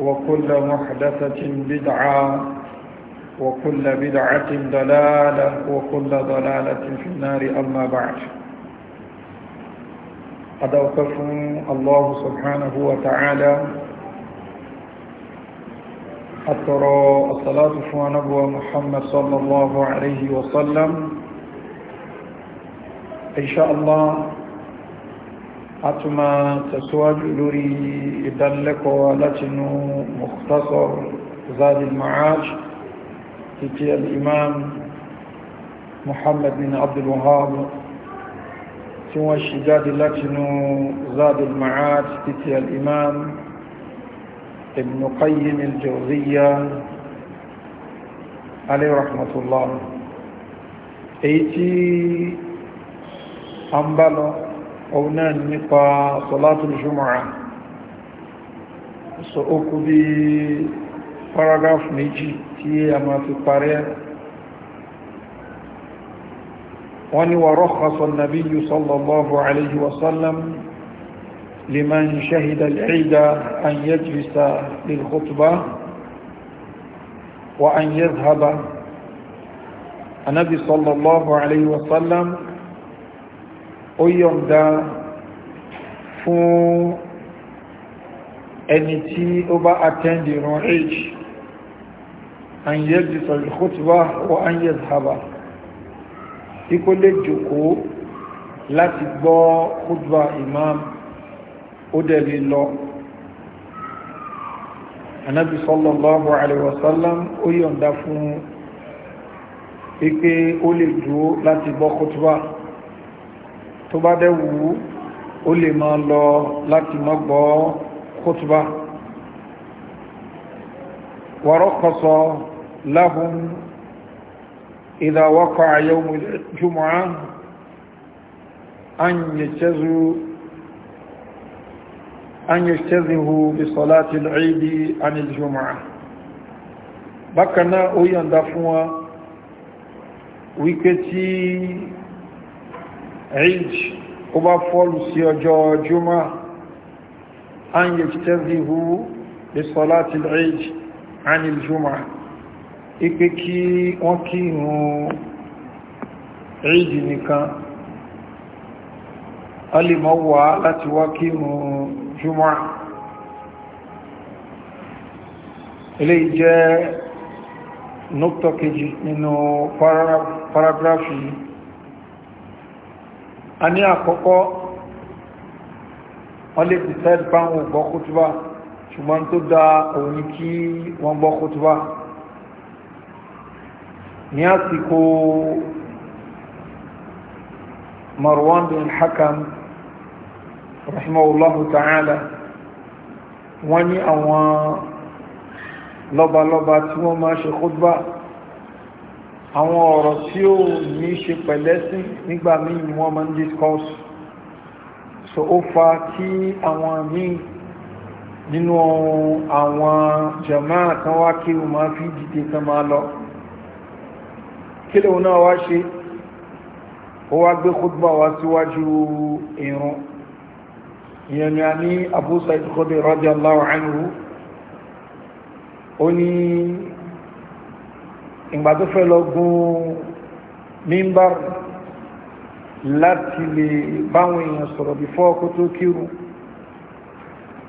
وكل محدثة بدعة وكل بدعة ضلالة وكل ضلالة في النار أما بعد قد أوقفهم الله سبحانه وتعالى أترى الصلاة نبوة محمد صلى الله عليه وسلم إن شاء الله àtúmà tẹ̀síwájú lórí ìdánilẹ́kọ̀ọ́ látinú Mukhtasar Zadil Ma'aj títí al-imam Muhammad bin Abdul Wahhab tí wọ́n ṣe jáde látinú Zadil Ma'aj títí al-imam Ibn Qayyim al-Jawziyya alayhi rahmatullah èyí tí a ń bá òun náà nípa salatul jumu'ah so ó kú bí paragraph méjì tí a máa fi parẹ́ wọ́n ni wà rakhasa an-nabiyyu sallallahu alayhi wa sallam لمن شهد العيد أن يجلس للخطبة وأن يذهب النبي صلى الله عليه وسلم ó yọ̀ǹda fún ẹni tí ó bá attend ìran age an yẹ́jì sọ̀rọ̀ khutba wa an yẹ́ zaba ikó lè jòkó láti gbọ́ khutba imam ó dẹ̀ lè lọ anábi sallallahu alaihi wasallam ó yọ̀ǹda fún pípé ó lè dúró láti gbọ́ khutba tó bá dẹ̀ wù ú ó lè máa lọ láti má gbọ́ kótóbá wàrọ́kọ̀sọ láhùn ìdáwọ́kọ̀ àyẹ̀wò jùmọ̀ an yẹ̀kẹ́zù أن يجتزه بصلاة العيد عن الجمعة بكنا أويان دفوا ويكتي eid ó bá fọ́lù sí ọjọ́ juma an yajtazihu bi salati eid anil juma ipe kí wọ́n kí ìrun eid nìkan a lè mọ́ wá láti wá kí ìrun juma ilé jẹ́ nọ́pọ̀ kejì nínú paragrafi yìí a ní àkọ́kọ́ wọ́n lè decide fáwọn ògbọ́ kútúbà ṣùgbọ́n tó dá òun ní kí wọ́n gbọ́ kútúbà ní àsìkò marwan bin hakam rahimahullahu ta'ala wọ́n ní àwọn lọ́balọ́ba tí wọ́n máa ṣe kútúbà àwọn ọ̀rọ̀ tí ó ní ṣe pẹ̀lẹ́sìn nígbà míì ni wọ́n máa ń discourse so ó fa kí àwọn míì nínú àwọn jama'a kan wá kí o máa fi dìde kan máa lọ kí lóun náà wá ṣe ó wá gbé khutba wá síwájú irun ìyẹn ni a ní Abu Sa'id Khudri radiyallahu anhu ó ní ìgbà tó fẹ́ lọ gun mímbà láti lè báwọn èèyàn sọ̀rọ̀ bí fọ́ọ̀kú tó kírù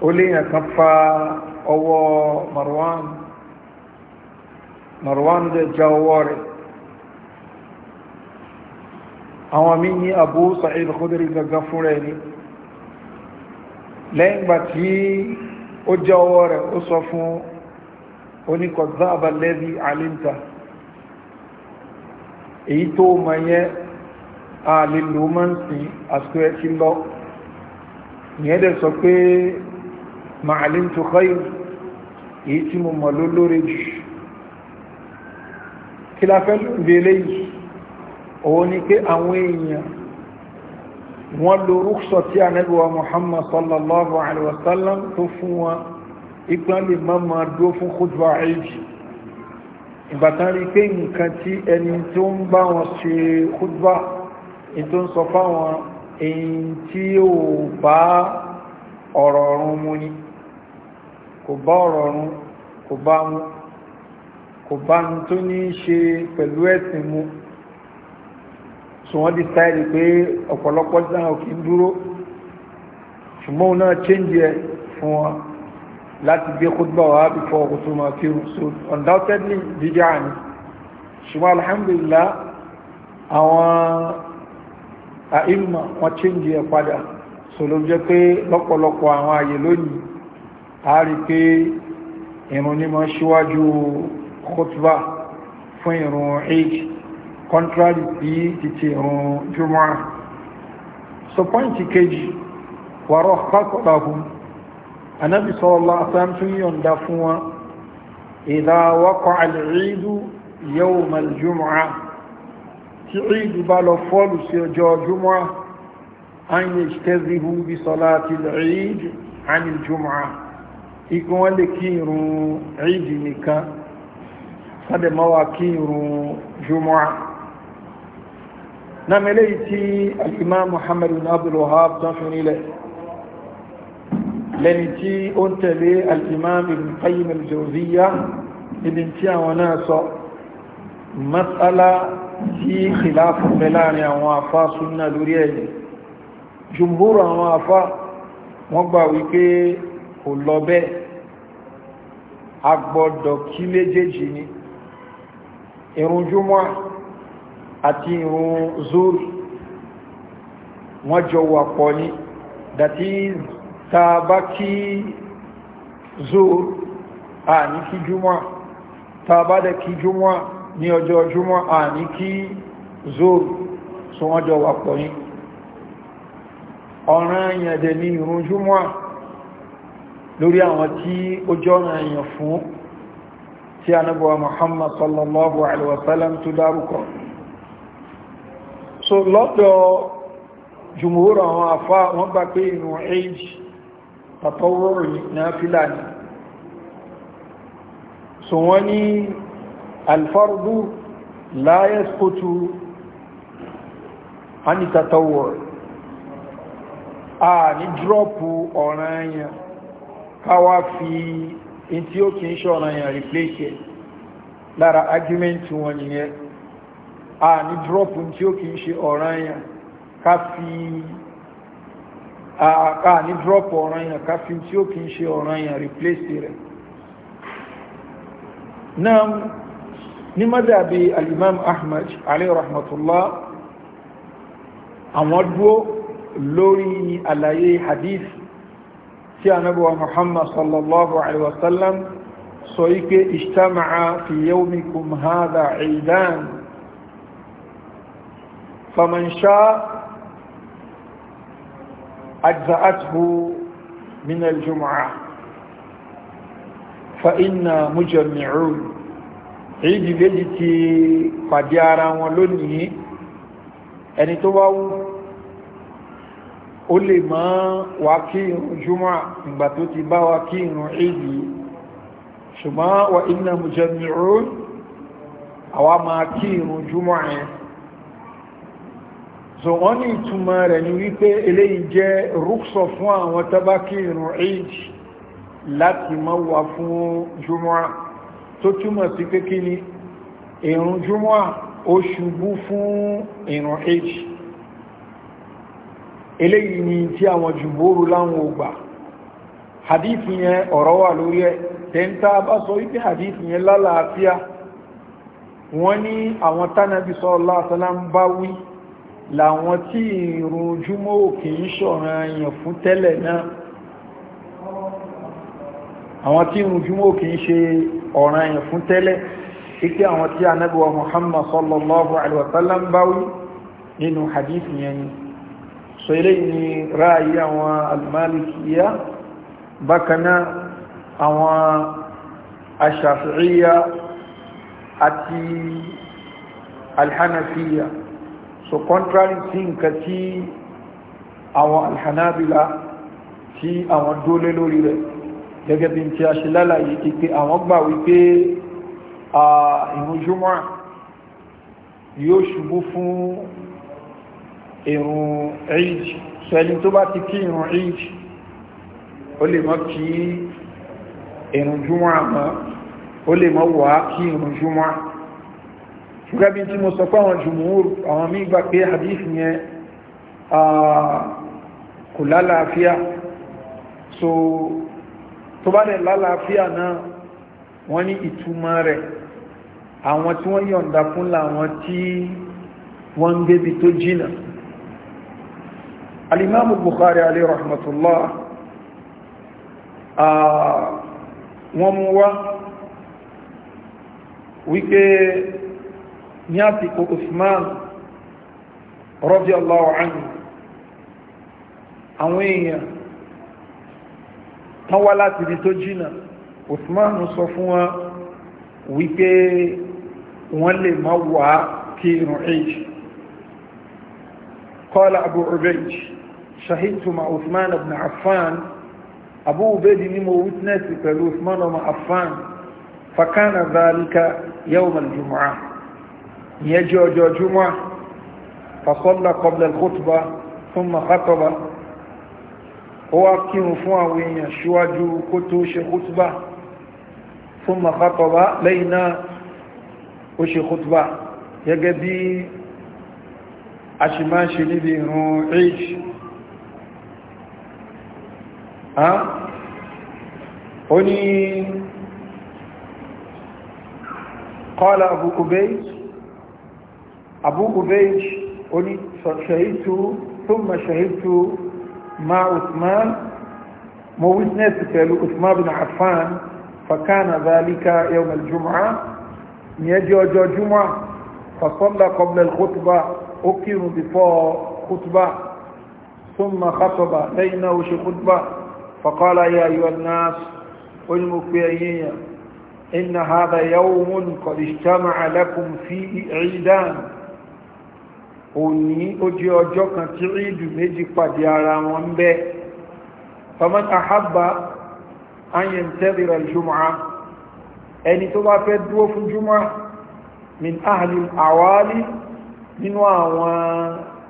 ó léèyàn kan fa ọwọ́ Marwan Marwan dẹ̀ já ọwọ́ rẹ̀ àwọn mí ní Abu Sa'id Khudri gangan fún rẹ̀ ni lẹ́yìn gbà tí ó já ọwọ́ rẹ̀ ó sọ fún oníkọ̀ọ́dá àbálẹ́bí alimta èyí tó mọ̀ yẹn a lè lò mọ́ ń sin àsìkò ẹ ti lọ ìyẹn dẹ̀ sọ pé màálín tó kọ́yìn èyí tí mo mọ̀ ló lóore jù kí la fẹ́ lóbi eléyìí òun ni pé àwọn èèyàn wọ́n lo rúkṣọ tí a nẹ́bí muhammad sallallahu alaihi wasallam tó fún wọn ìpínlẹ̀ mọ́mọ́ dúró fún kúdùá èjì ìbátan rí pé nǹkan tí ẹni tó ń bá wọn ṣe kúdùbà ní tó ń sọ fáwọn èyí tí ó bá ọ̀rọ̀ ọ̀run mu ni kò bá ọ̀rọ̀ ọ̀run kò bá mu kò bá ń tó ní ṣe pẹ̀lú ẹ̀sìn mu so wọ́n pé ọ̀pọ̀lọpọ̀ náà kì í dúró ṣùgbọ́n náà change ẹ̀ fún wọn láti gbé kúdùbà wá before kò tó máa kí so undoubtedly bídíà ni ṣùgbọ́n alhamdulillah àwọn àìmọ̀ wọn change ẹ̀ padà so ló jẹ́ pé lọ́pọ̀lọpọ̀ àwọn àyè lónìí a rí pé ìrun ní mọ́ síwájú kúdùbà fún ìrun eid contrary sí títí ìrun jùmọ́ so point kejì wàrọ̀ pàkọ̀lá anábì sallallahu alaihi wasallam tún yọ̀ǹda fún wọn idha waqa'a al-eidu yawm al-jumu'a tí ìdù bá lọ fọ́lù sí ọjọ́ jumu'a an yajtazihu bi salati al-eid an al-jumu'a igun wọn lè kí irun nìkan sáde ma wá kí irun mẹ́lẹ́ yìí tí muhammadu abdul wahab tán fi lẹni tí ó ń tẹ̀lé al-imam ibn qayyim al-jawziya níbi tí àwọn náà sọ mas'ala tí khilafu fẹ́ láàrin àwọn afá súnnà lórí ẹ̀yẹ jùmbúrò àwọn afá wọ́n gbà wípé kò lọ bẹ́ẹ̀ agbọ́dọ̀ kí méjèèjì ni ìrun júmọ́ àti ìrun zuri wọ́n jọ wà pọ̀ ní that is ta bá kí zuhur a ní kí júmọ́ ta bá dẹ̀ kí júmọ́ ní ọjọ́ júmọ́ a ní kí zuhur sún ọjọ́ wà pọ̀ ní ọ̀ràn èèyàn dẹ̀ ní ìrun júmọ́ lórí àwọn tí ó jọ́nà èèyàn fún tí a nábọ̀wà Muhammad sallallahu alaihi wasallam tó dárúkọ so lọ́dọ̀ jùmúhúrọ̀ àwọn àfá wọ́n bá pé ìrun èèjì tàtọ́wọ́rò náfílà ni so wọ́n ní alfardu láyẹ́s kótó a ní tàtọ́wọ́rò a ní dírọ́pù ọ̀ranyàn káwá fi in tí ó ṣe ọ̀ranyàn replace lára argument wọn nìyẹn a ní dírọ́pù tí ó kìí ṣe ọ̀ranyàn ká fi àká ní drop ọ̀ràn yàn ká fi tí ó kì ń ṣe ọ̀ràn yàn replace rẹ̀ náà ní mọ́dàbí alimam ahmad alayhi rahmatullah àwọn dúó lórí àlàyé hadith tí a nábọ̀wà muhammad sallallahu alaihi wasallam sọ ike ishtama'a fi yawmikum hadha aidan faman sha'a أجزأته من الجمعة فإنا مجمعون عيد بيتي فديارا ولني ẹni tó bá wú ó lè máa wá kí irun jùmọ́ ìgbà tó ti bá wá kí irun èdè ṣùgbọ́n wà iná mùjẹmìíràn àwa máa kí irun jùmọ́ ẹ̀ so wọ́n ní ìtumọ̀ rẹ̀ ni wípé eléyìí jẹ́ rúksọ fún àwọn tabaki irun eid láti má wà fún jùmọ́à tó túmọ̀ sí pé kí ni irun jùmọ́à ó ṣubú fún irun eid eléyìí ni tí àwọn jùmọ́rù láwọn ògbà hadith yẹn ọ̀rọ̀ wà lórí ẹ̀ tẹ́ntà bá sọ wípé hadith yẹn lálàáfíà wọ́n ní àwọn tánàbí sọ́ọ́lá àtàlá ń bá wí làwọn tí ìrùn ojúmọ́ òkè ń ṣọ̀ràn èèyàn fún tẹ́lẹ̀ náà àwọn tí ìrùn ojúmọ́ òkè ń ṣe ọ̀ràn èèyàn fún tẹ́lẹ̀ ike àwọn tí anábíwa muhammad sallallahu alaihi wasallam báwí nínú so contrary sí nǹkan tí àwọn alhanabila tí àwọn dólé lórí rẹ̀ gẹ́gẹ́ bí tí a ṣe lálàyé ìpé àwọn gbà wípé ìrúnjúmọ́ yóò ṣubú fún ìrùn eid sẹ́ni tó bá ti kí ìrùn eid ó lè mọ́ kí ìrùnjúmọ́ àmọ́ ó lè mọ́ wà kí ìrùnjúmọ́ àmọ́ ṣùgbọ́n bí tí mo sọ pé àwọn jùmúhùr àwọn mí gbà pé hadith yẹn kò lálàáfíà so tó bá dẹ̀ lálàáfíà náà wọ́n ní ìtumọ̀ rẹ̀ àwọn tí wọ́n yọ̀ǹda fún làwọn tí wọ́n ń gbébi tó jìnà alimamu bukhari alayhi rahmatullah wọ́n mú wá wípé ní àsìkò Usman radiyallahu anhu àwọn èèyàn tán wá láti ibi tó jìnà Usman sọ fún wọn wípé wọ́n lè má wà kí irun èjì qala Abu Ubayd shahidtu ma Usman ibn Affan Abu Ubayd ni mo witness pẹ̀lú Usman ọmọ Affan fakana dhalika yawm al-jumu'ah ìyẹn jẹ́ ọjọ́ júmọ́ fasọ́lá kọbílẹ̀ kótùbá fún makátọ́bá ó wá kírun fún àwọn èèyàn síwájú kó tó ṣe kótùbá fún makátọ́bá lẹ́yìn náà ó ṣe kótùbá gẹ́gẹ́ bí a ṣe máa ṣe níbi ìrùn age ó ní قال أبو أبيت أبو قبيش و ابيج شهدت ثم شهدت مع عثمان موزنات قالوا عثمان بن عفان فكان ذلك يوم الجمعة ل ج م نيجي و ج فصلى قبل الخطبة ل خ ط ثم خطب لين وش خطبة فقال يا ايها الناس المكيعين إ ن هذا يوم قد اجتمع لكم فيه عيدان òní ó jẹ́ ọjọ́ kan tí rídù méjì pàdé ara wọn ń bẹ́ faman ahabba an yantazira al-jumu'a ẹni tó bá fẹ́ dúró fún jùmọ́ min ahli al-awali nínú àwọn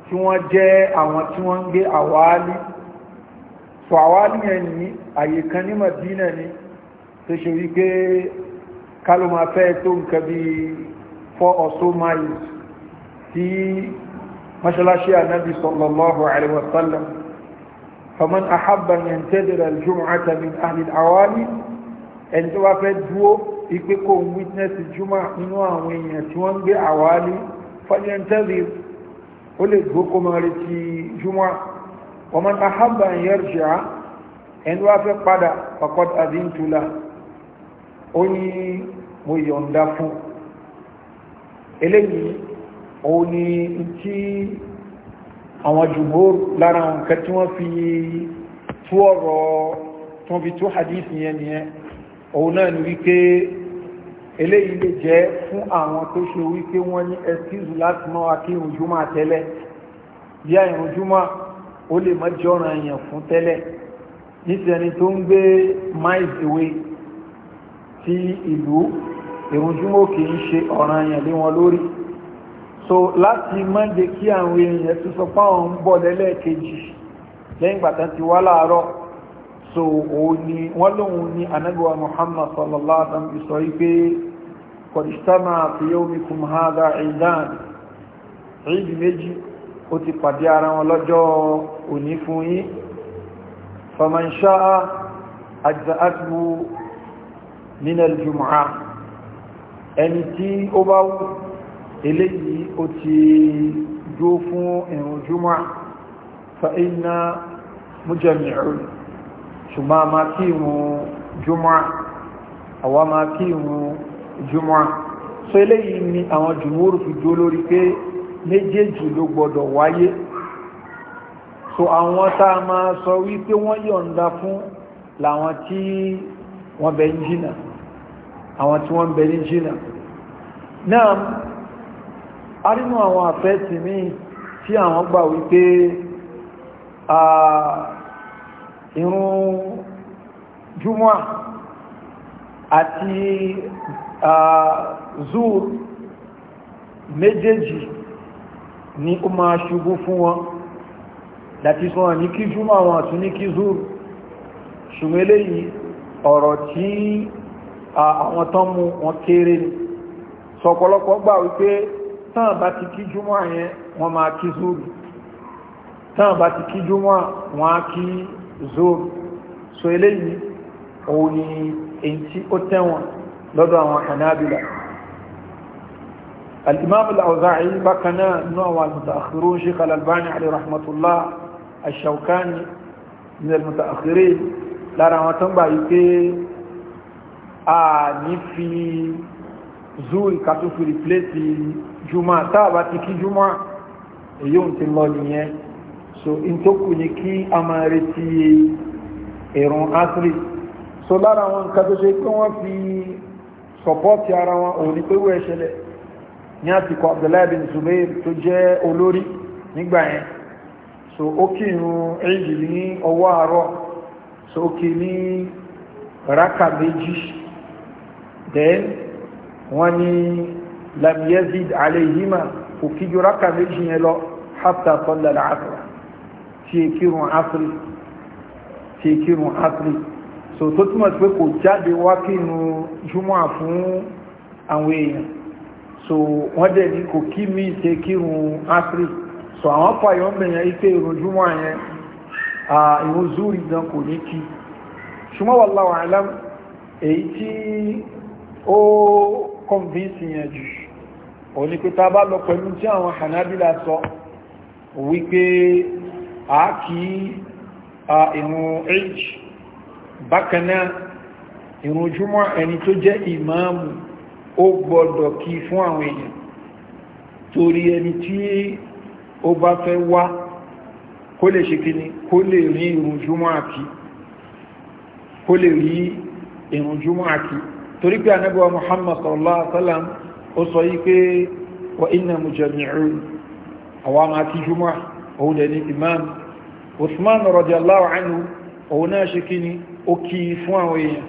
tí wọ́n jẹ́ àwọn tí wọ́n gbé àwálí so àwálí yẹn ni àyè kan ní Madina ni tó ṣe wípé kálùmọ̀ fẹ́ tó nǹkan bí 4 or so miles tí mọ́ṣáláṣí ànábì sallallahu alaihi wa sallam faman ahabba yantadira al-jum'ata min ahli al-awali ẹni tó bá fẹ́ dúó ipe kò ń witness juma nínú àwọn èèyàn tí wọ́n ń gbé àwálí fọ́nyẹ́ntẹ́lì ó lè dúó kó máa retí juma waman ahabba yarji'a ẹni wá fẹ́ padà faqad adhintu lahu ó ní mo yọ̀ǹda fún eléyìí òun ni tí àwọn jùmọ́ lára nǹkan tí wọ́n fi tú ọ̀rọ̀ tí fi tú hadith yẹn nìyẹn òun náà ni wípé eléyìí lè jẹ́ fún àwọn tó ṣe wípé wọ́n ní excuse láti mọ́ akírun jùmọ́ tẹ́lẹ̀ bí àìrùn jùmọ́ ó lè má jọ́ràn èèyàn fún tẹ́lẹ̀ nítorí tó ń gbé miles away sí ìlú ìrùn kì í ṣe ọ̀ràn èèyàn lé wọn lórí so láti má jẹ́ kí àwọn èèyàn tó sọ páwọn ń bọ̀ lẹ́lẹ́ẹ̀kejì lẹ́yìn gbàtà ti wá láàárọ̀ so òní wọ́n lóhun ní anábíwa muhammad sallallahu alaihi wa sallam sọ wípé kọ̀dìsítàmà fi yawmikum hadha ìdán ìdí méjì ó eléyìí ó ti dúó fún ẹ̀rùn júmọ́ fa iná mújẹ̀mìíràn ṣùgbọ́n a máa kí ìrùn júmọ́ àwa máa kí ìrùn júmọ́ so eléyìí ni àwọn jùmúrù fi dúó lórí pé méjèèjì ló gbọdọ̀ wáyé so àwọn tá a máa sọ wípé wọ́n yọ̀ǹda fún làwọn tí wọ́n bẹ̀ ń jìnà àwọn tí wọ́n bẹ̀ ń jìnà náà arínú àwọn àfẹ́ ti mí tí àwọn gbà wípé irun júmọ́ àti zuur méjèèjì ni ó máa ṣubú fún wọn dàti sọ wọn ní kí júmọ́ àwọn àtún ní kí zuur ṣùgbọ́n eléyìí ọ̀rọ̀ tí àwọn tán mú wọn kéré ni gbà wípé tán bá ti kí júmọ́ yẹn wọ́n máa kí zoro tán bá ti kí júmọ́ wọ́n á kí zoro so eléyìí òun ni èyí tí ó tẹ́wọ̀n lọ́dọ̀ àwọn hanabila الإمام الأوزاعي بكنا نوع المتأخرون شيخ الألباني عليه رحمة الله الشوكاني من المتأخرين لا رحمة الله يكي آني في zuri kato tó fi rìpléṣì juma tá ti kí juma èyí òun ti lọ nìyẹn so n tó kù ní kí a máa retí ìrun asiri so lára àwọn nǹkan tó ṣe pé wọ́n fi sọ̀pọ́tì ara wọn òun ni pé wọ́n ṣẹlẹ̀ ní àsìkò abdullahi bin zubair tó jẹ́ olórí nígbà yẹn so ó kì irun èjì ní ọwọ́ àárọ̀ so ó kì ní rákà méjì then wọ́n ní lam yazid alayhima kò kíjú rákà méjì yẹn lọ hatta salla al-asr tí kírun asiri tí kírun asiri so tó túmọ̀ sí pé kò jáde wá kínu júmọ́ fún àwọn èèyàn so wọ́n dẹ̀ ní kò kí mi ṣe kírun asiri so àwọn fàyọ̀ ń bẹ̀yàn ife ìrun júmọ́ yẹn ìrun zúrì gan kò ní kí ṣùgbọ́n wallahu alam èyí tí ó convince yẹn jù òní pé ta bá lọ pẹ̀lú tí àwọn hanabila sọ wípé a kì í ìrun age bákanáà ìrun júmọ́ ẹni tó jẹ́ ìmáàmù ó gbọ́dọ̀ kí fún àwọn èèyàn torí ẹni tí ó bá fẹ́ wá kó lè ṣe kó lè rí ìrun júmọ́ àkí torí pé anábíwa muhammad sallallahu alaihi wasallam ó sọ yí pé wa inna mujami'un àwọn máa kí jùmọ́ òun dẹ̀ ní imam usman radiyallahu anhu òun náà ṣe kí ni ó kí fún àwọn èèyàn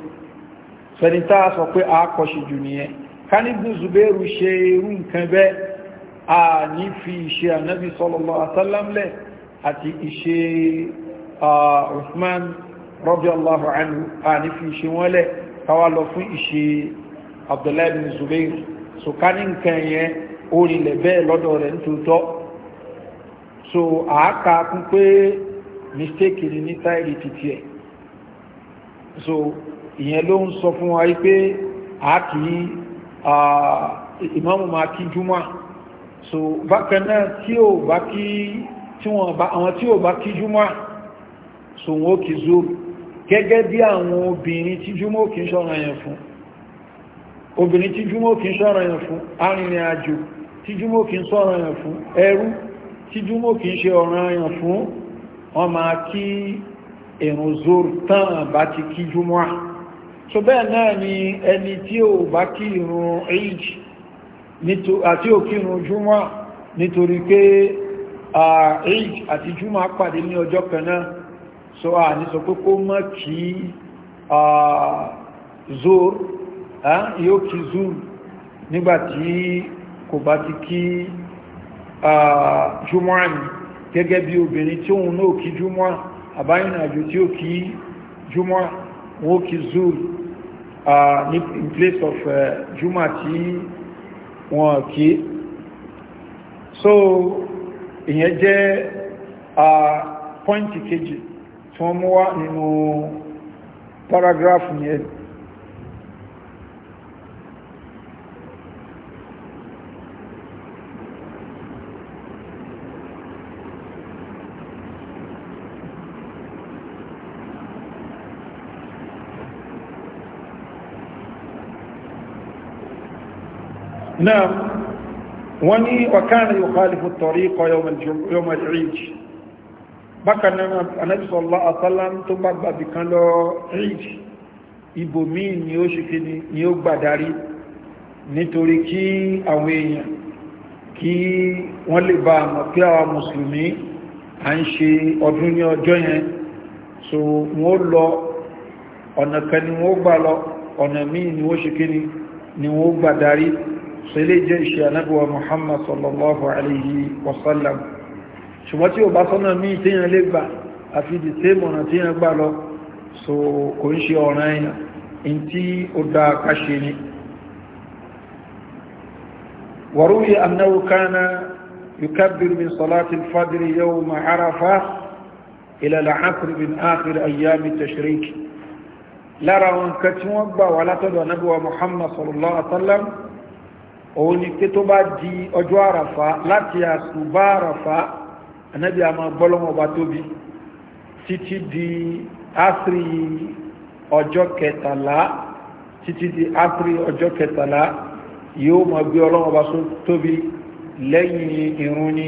sẹni tá a sọ pé a kọ̀ṣe jù nìyẹn kánibù zubairu ṣe irú nǹkan bẹ́ẹ̀ a ní fi ṣe anábí sallallahu alaihi lẹ̀ àti ìṣe usman radiyallahu anhu a ní fi ṣe wọ́n lẹ̀ káwá lọ fún ìṣe abdullahi bin zubair so ká ní nǹkan yẹn ó rinlẹ̀ bẹ́ẹ̀ lọ́dọ̀ rẹ̀ nítòótọ́ so àáka kún pé mistake ni ní táìlì títí ẹ̀ so ìyẹn ló ń sọ fún wa pé àákì ìmáàmù máa kí júmọ́ so bákan náà tí ò bá kí tí wọ́n àwọn tí ò bá kí júmọ́ so wọ́n ó kí zoro gẹ́gẹ́ bí àwọn obìnrin tí júmọ́ kìí ṣọ́ra yẹn fún obìnrin tí júmọ́ kìí ṣọ́ra yẹn fún arìnrìn àjò tí júmọ́ kìí ṣọ́ra yẹn fún ẹrú tí júmọ́ kìí ṣe ọ̀ràn yẹn fún wọ́n máa kí ìrun zoro tán bá ti kí júmọ́ à so bẹ́ẹ̀ náà ni ẹni tí ò bá kí ìrun eid àti ò kí ìrun júmọ́ nítorí pé eid àti júmọ́ pàdé ní ọjọ́ kan náà so a ní sọ pé kó mọ́ kí zor yóò kí zor nígbàtí kò bá ti kí jùmọ́à ní gẹ́gẹ́ bí obìnrin tí òun náà kí jùmọ́à àbáyìn àjò tí ó kí jùmọ́à wọ́n kí zor in place of eh, jùmọ́à tí wọ́n kí so ìyẹn jẹ́ pọ́ìntì kejì tí wá nínú paragraph yẹn نعم وني وكان يخالف الطريق يوم, يوم العيد bákan náà Ànábì sallallahu alaihi wasallam tó bá gbàbì kan lọ eid ibòmíì ni ó ṣe kí ni ó gbàdarí nítorí kí àwọn èèyàn kí wọ́n lè bá àmọ̀ pé àwọn mùsùlùmí à ń ṣe ọdún ní ọjọ́ yẹn so wọ́n lọ ọ̀nà kan ni wọ́n gbà lọ ọ̀nà míì ni wọ́n ṣe kí ni ni wọ́n gbà darí jẹ́ ìṣẹ́ anábíwa Muhammad sallallahu alayhi wasallam ṣùgbọ́n tí ó bá sọ́nà míì tí yàn lè gbà àfi ìdí tí mọ̀nà tí yàn gbà lọ so kò ń ṣe ọ̀ràn ẹ̀yàn in tí ó dá káṣe ni wàrúwì annáwó kánà yukabbir min salati al-fajr yawma arafa ila al-asr lára wọn kan tí wọ́n gbà wà látọ̀dọ̀ Ànábì Muhammad sallallahu alaihi wasallam òun ni pé tó bá di ọjọ́ àràfà láti àsùbá àràfà anábì a máa gbọ́lọ́wọ́ ọba tóbi títí di áfírí ọjọ́ kẹtàlá títí di áfírí ọjọ́ kẹtàlá yóò máa gbé ọlọ́wọ́ ọba tóbi lẹ́yìn irun ni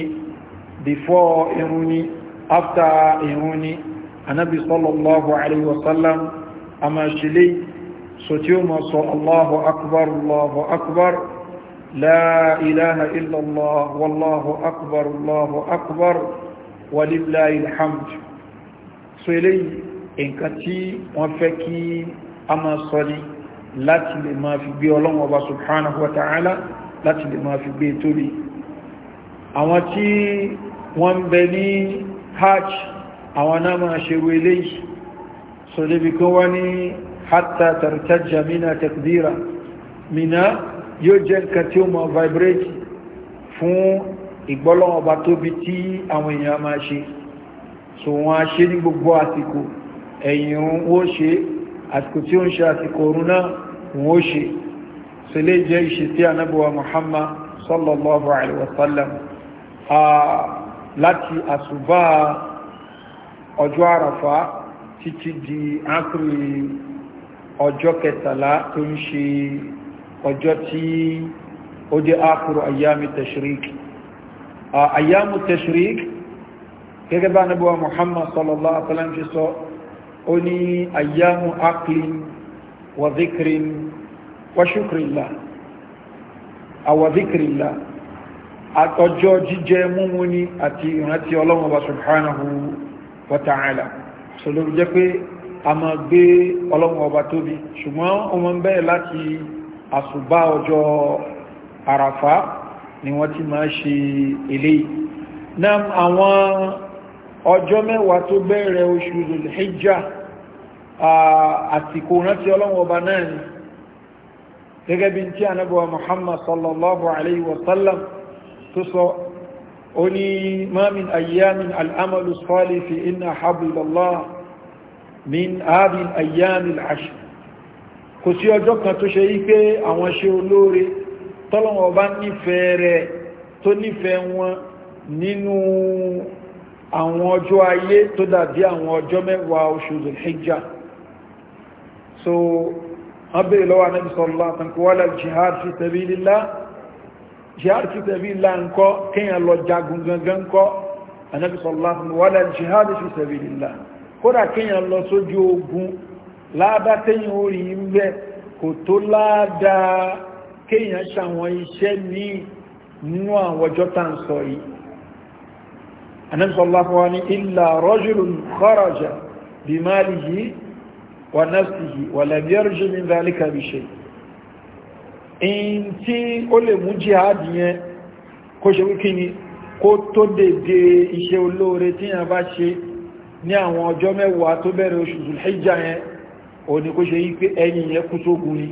before irun ni after irun ni anábì sallallahu alayhi wa sallam a máa ṣe lé so allahu akbar allahu akbar. لا إله إلا الله والله أكبر الله أكبر ولله الحمد سيلي nǹkan tí wọ́n fẹ́ kí a máa sọ ní láti lè máa fi gbé ọlọ́run ọba subhanahu wa ta'ala láti lè máa fi gbé e tóbi àwọn tí wọ́n ń bẹ ní hajj àwọn náà máa ṣe wé léyìí so débi kí wọ́n ní hatta tartajja mina takdira mina yóò jẹ́ nǹkan tí ó mọ̀ vibrate fún ìgbọ́lọ́wọ́ba tóbi tí àwọn èèyàn máa ṣe so wọ́n a ṣe ní gbogbo àsìkò ẹ̀yìn ó ṣe àsìkò tí ó ń ṣe àsìkò orun náà wọ́n ó ṣe so lè jẹ́ ìṣe tí anábọ̀wà Muhammad sallallahu alaihi wasallam a láti àsùbá ọjọ́ àràfà títí di ákùnrin ọjọ́ kẹtàlá tó ń ṣe ọjọ́ tí ó dé ákùrù ayyámi tashrik ayyámi tashrik gẹ́gẹ́ bá níbúwa muhammad sallallahu alaihi wasallam fi sọ ó ní ayyámi aklin wa zikirin wa ṣukrila a wa zikirila àtọjọ́ jíjẹ múmú ni àti ìrántí ọlọ́run ọba subhanahu wa ta'ala sọlọ́rọ̀ jẹ́ pé a máa gbé ọlọ́run tóbi ṣùgbọ́n ọmọ bẹ́ẹ̀ láti àṣùbá ọjọ́ àràfá ni wọ́n ti máa ṣe eléyìí náà àwọn ọjọ́ mẹ́wàá tó bẹ̀rẹ̀ oṣù lòlẹ́jà àsìkò rántí ọlọ́wọ́ ọba náà ni gẹ́gẹ́ bí tí anábọ̀wà muhammad sallallahu alayhi wa sallam tó sọ ó ní mamin ayyamin al'amalu salifi inna hablallah min abin ayyamin ashir kò sí ọjọ́ kan tó ṣe wípé àwọn ṣe olóore tọ́lọ́wọ́ bá nífẹ̀ẹ́ rẹ̀ tó nífẹ̀ẹ́ wọn nínú àwọn ọjọ́ ayé tó dàbí àwọn ọjọ́ mẹ́wàá oṣù zulhijjá so wọ́n bèèrè lọ́wọ́ anábi sọ́lọ́ àtàkùwálà jihad fi sabilillah jihad fi sabilillah ńkọ́ kíyàn lọ jagun gangan ńkọ́ anábi sọ́lọ́ àtàkùwálà jihad fi sabilillah kódà kíyàn lọ sójú ogun láàdá téyàn orí ń bẹ kò tó láàdá kéèyàn ṣàwọn iṣẹ́ ní nínú àwọn ọjọ́ tá ń sọ yìí anẹ́sọ̀láfọ́ wa ní illa rajulun kharaja bimalihi wa nafsihi wa lam yarji min dhalika bi shay in tí ó lè mú jihad yẹn kó ṣe wíkí ni kó tó dèdè iṣẹ́ olóore tí yàn bá ṣe ní àwọn ọjọ́ mẹ́wàá tó bẹ̀rẹ̀ oṣù Zulhijja yẹn òun ni kó ṣe yí pé ẹni yẹn kú sógun ni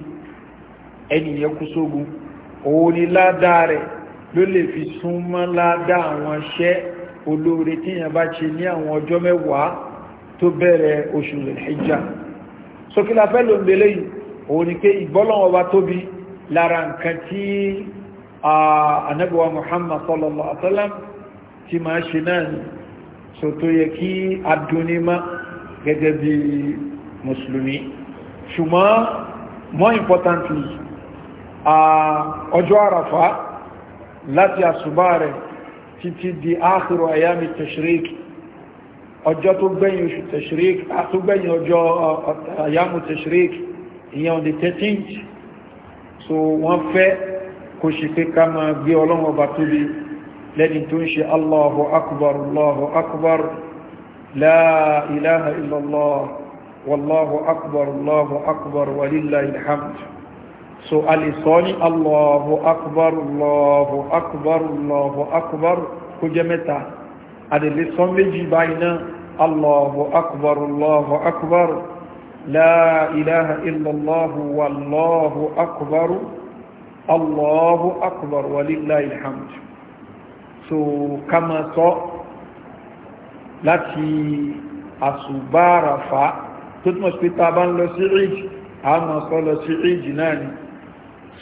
ẹni yẹn kú sógun òun ni ládàá rẹ̀ ló lè fi súnmọ́ ládàá àwọn iṣẹ́ olóore tí yẹn bá ṣe ní àwọn ọjọ́ mẹ́wàá tó bẹ̀rẹ̀ oṣù Hijja sókílà fẹ́ ló ń belé yìí òun pé ìgbọ́lọ́wọ́ tóbi lára nǹkan tí Ànábì wa Muhammad sallallahu alaihi wasallam tí máa ṣe náà ni so tó yẹ kí adúnímá gẹ́gẹ́ bíi mùsùlùmí ṣùgbọ́n more importantly ọjọ́ àràfà láti àṣùbá rẹ̀ títí di áàkìrò àyàmì tashrik ọjọ́ tó gbẹ̀yìn oṣù tashrik tó gbẹ̀yìn ọjọ́ àyàmù tashrik ìyẹn on the 13th so wọ́n fẹ́ kò ṣe pé ká máa gbé ọlọ́run ọba tóbi lẹ́ni tó ń ṣe allahu akbar allahu akbar la ilaha illallah والله أكبر الله أكبر ولله الحمد سؤال صوني الله أكبر الله أكبر الله أكبر كجمتا أدي لسون بيجي الله أكبر الله أكبر لا إله إلا الله والله أكبر الله أكبر ولله الحمد so كما صو لاتي أصبار tó túnmọ̀ sí pé tá a bá ń lọ sí ríjì a máa sọ lọ sí ríjì náà ni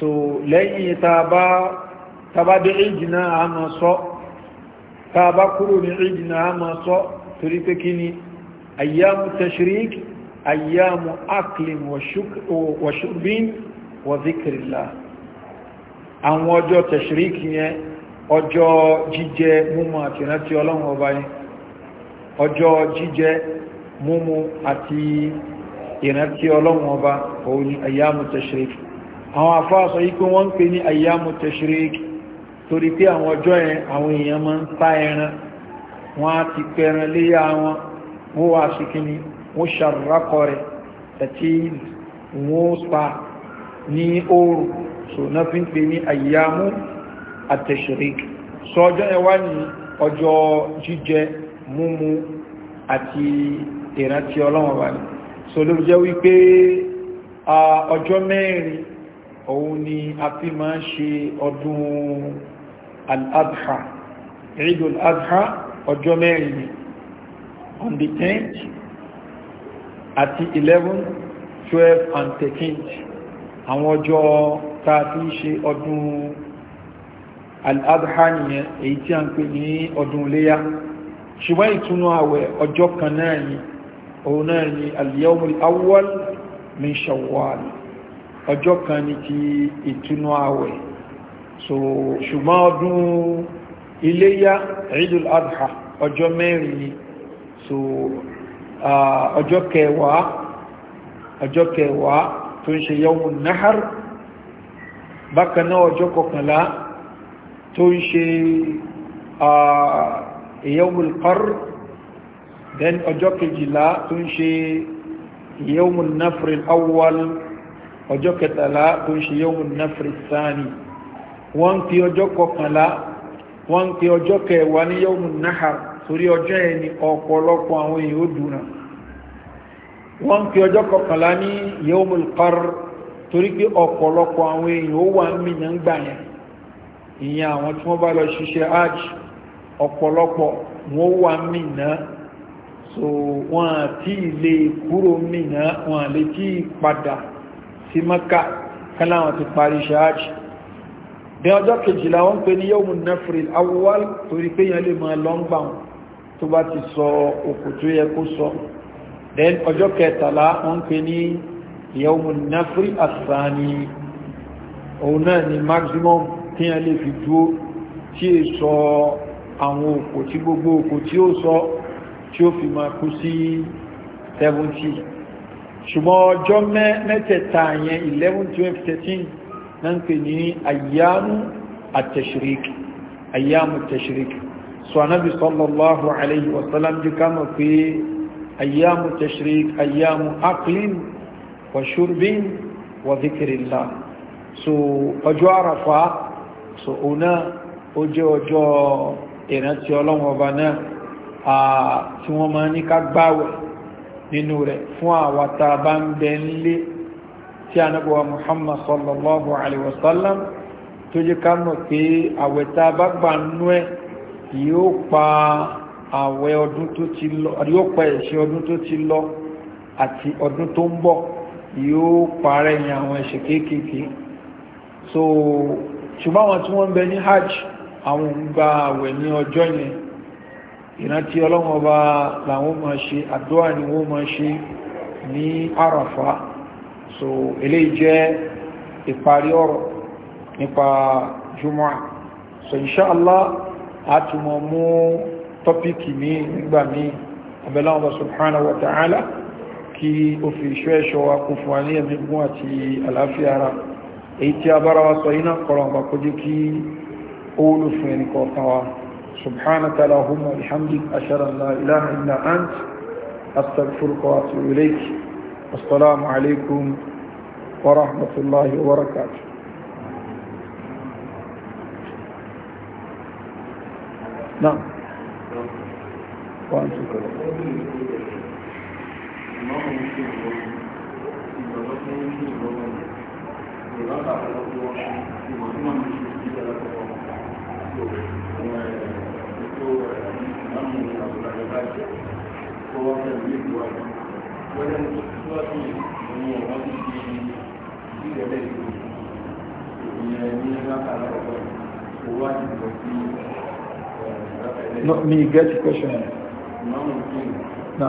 so lẹ́yìn tá a bá dé ríjì náà a máa sọ tá a bá kúrò ní ríjì náà a máa sọ torí pé kí ni ayyamu tashrik ayyamu aklin wa shurbin wa zikrillah àwọn ọjọ́ tashrik yẹn ọjọ́ jíjẹ múmọ̀ àti ọlọ́run ọba yẹn ọjọ́ jíjẹ múmu àti ìrántí ọlọ́run ọba òun ni ayyamu tashrik àwọn afáàsọ yí pé wọ́n ń pè ní ayyamu tashrik torí pé àwọn ọjọ́ yẹn àwọn èèyàn máa ń ta ẹran wọ́n á ti pẹran léyà wọn wọ́n wá sí kíni wọ́n ṣàrùrákọ rẹ̀ àti wọ́n pa ní oòrù so na fi ń pè ní ayyamu at sọ ọjọ́ yẹn wá ní ọjọ́ jíjẹ múmu àti ìrántí ọlọ́wọ̀n wà ní so ló jẹ́ wípé ọjọ́ mẹ́rin òun ni a fi máa ń ṣe ọdún al-adha Eid al-adha ọjọ́ mẹ́rin ni on the 10th àti 11 12 and 13th àwọn ọjọ́ tá a fi ń ṣe ọdún al-adha nìyẹn èyí tí a ń pè ní ọdún léyá ṣùgbọ́n ìtúnú àwẹ̀ ọjọ́ kan náà yìí òun náà ni al-yawmul awwal min shawwal ọjọ́ kan ní ti ìtúnú àwẹ̀ so ṣùgbọ́n ọdún iléyá Eidul Adha ọjọ́ mẹ́rin ni so ọjọ́ kẹwàá ọjọ́ kẹwàá tó ń ṣe yawmun nahar bákan ọjọ́ kọkànlá tó ń ṣe yawmul qarr then ọjọ́ kejìlá tó ń ṣe yawmun nafri awwal ọjọ́ kẹtàlá tó ń ṣe yawmun nafri sani wọ́n ń pe ọjọ́ kọkànlá wọ́n ń pe ọjọ́ kẹwàá ní yawmun nahar torí ọjọ́ yẹn ni ọ̀pọ̀lọpọ̀ àwọn èèyàn ó dùnà wọ́n ń pe ọjọ́ kọkànlá ní yawmul qar torí pé ọ̀pọ̀lọpọ̀ àwọn èèyàn ó wà ń mìíràn gbà yẹn ìyẹn àwọn tí wọ́n bá lọ ṣiṣẹ́ hajj ọ̀pọ̀lọpọ̀ wọn wà mìíràn so wọ́n àti ilé kúrò mìnà wọ́n lè tí padà sí maka kaláwọn ti parí ṣáájì ní ọjọ́ kejìlá wọ́n pè ní yóò nafri awwal torí pé yẹn lè máa lọ́ngbà tó bá ti sọ òkú tó yẹ kó sọ then ọjọ́ kẹtàlá wọ́n pè ní yóò nafri asani òun náà ni maximum tí yẹn lè fi dúó tí è sọ àwọn òkú tí gbogbo òkú tí ó sọ tí ó fi máa kú sí 70 ṣùgbọ́n ọjọ́ mẹ́tẹ̀ẹ̀ta yẹn 11 12 13 náà ń pè ní àyàmù àtẹ̀ṣiríkì àyàmù tẹ̀ṣiríkì so anábi sallallahu alayhi wa sallam jí ká mọ̀ pé àyàmù tẹ̀ṣiríkì àyàmù aklin wa shurbin wa zikirillah so ọjọ́ àràfà so òun ó jẹ́ ọjọ́ ìrántí ọlọ́wọ́ ọba náà tí wọ́n máa ní ká gbáwẹ̀ nínú rẹ̀ fún àwàta bá ń bẹ nílé tí a nábọ̀wà Muhammad sallallahu alaihi wasallam tó jẹ́ ká mọ̀ pé àwẹ̀ta bá gbà nú ẹ̀ yóò pa àwẹ̀ ọdún tó ti lọ yóò pa ẹ̀ṣẹ̀ ọdún tó ti lọ àti ọdún tó ń bọ̀ yóò parẹ́ ní àwọn ẹ̀ṣẹ̀ kéékèèké so ṣùgbọ́n àwọn tí wọ́n bẹ ní hajj àwọn gba àwẹ̀ ní ọjọ́ yẹn ìrántí ọlọ́run ọba làwọn máa ṣe àdúrà ni wọ́n máa ṣe ní àràfà so eléyìí jẹ́ ìparí ọ̀rọ̀ nípa jùmọ̀ so inṣáàlá a tún mọ̀ mú tọ́píkì ní nígbà ní abẹ́láwọn ọba subhanahu wa ta'ala kí o fi iṣẹ́ ẹ̀ṣọ́ wa kún fún wa ní ẹ̀mí gún àti àlàáfíà ara èyí tí a bára wa sọ iná kọ̀rọ̀ ọba jẹ́ kí ó wúlò fún ẹnì wa سبحانك اللهم وبحمدك أشهد أن لا إله إلا أنت أستغفرك وأتوب إليك السلام عليكم ورحمة الله وبركاته نعم وأنتم you. No, me get the question. No. No.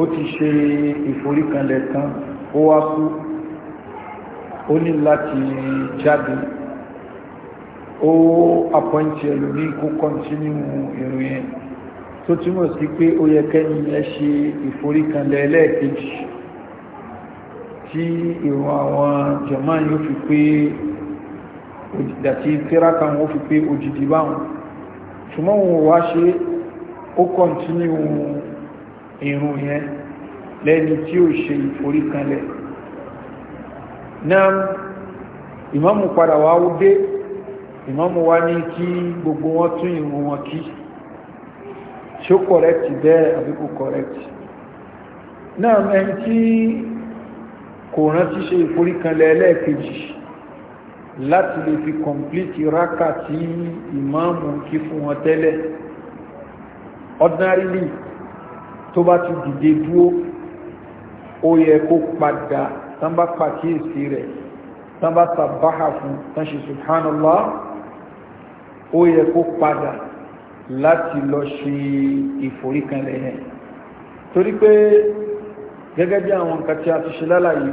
ó ti ṣe ìforíkanlẹ̀ tán ó wá kú ó ní láti jáde ó apọ́ǹtì ẹlòmí kó kọ́ntínú ìròyìn tó túmọ̀ sí pé ó yẹ kẹ́ni ẹ ṣe ìforíkanlẹ̀ ẹlẹ́ẹ̀kejì tí ìrùn àwọn jọmọ́ yóò fi pé àti tíráka wọn fi pé òjìdí báwọn ṣùgbọ́n wọn wá ṣe ó kọ́ntínú ìròyìn irun yẹn lẹ́ni tí ó ṣe ìforíkanlẹ̀ náà ìmáàmù padà wá ó dé ìmáàmù wá ní kí gbogbo wọn tún irun wọn kí ṣó kọ̀rẹ́kì bẹ́ẹ̀ àbí kò kọ̀rẹ́kì náà ẹni tí kò rántí ṣe ìforíkanlẹ̀ ẹlẹ́ẹ̀kejì láti lè fi kọ̀m̀plìtì rákà tí ìmáàmù kí fún wọn tẹ́lẹ̀ ordinarily tó bá ti dìde dúó ó yẹ kó padà tán bá pàkíyèsí rẹ̀ tán bá sàbáhà fún tán ṣe subhanallah ó yẹ kó padà láti lọ ṣe ìforíkanlẹ̀ yẹn torí pé gẹ́gẹ́ bí àwọn nǹkan tí a ti ṣe lálàyé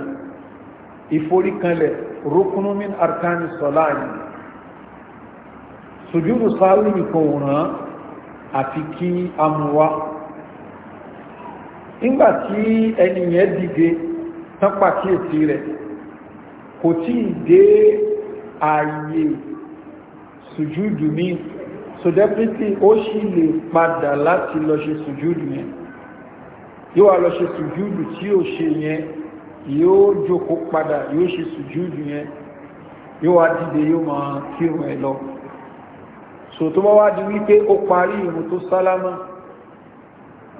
ìforíkanlẹ̀ rukunumin arkani sọláàyè sùjúdù sáà lónìí kan wòrán àti kí amúwá nígbà tí ẹniyàn dìde tán pàkíyèsí rẹ̀ kò tí ì dé ààyè sùjúdù ní sọdẹ́pítì ó sì lè padà láti lọ ṣe sùjúdù yẹn yóò wá lọ ṣe sùjúdù tí ó ṣe yẹn yóò jókòó padà yóò ṣe sùjúdù yẹn yóò wá dìde yóò máa kírun ẹ̀ lọ so tó bá wá di wípé ó parí ìrun tó sálámà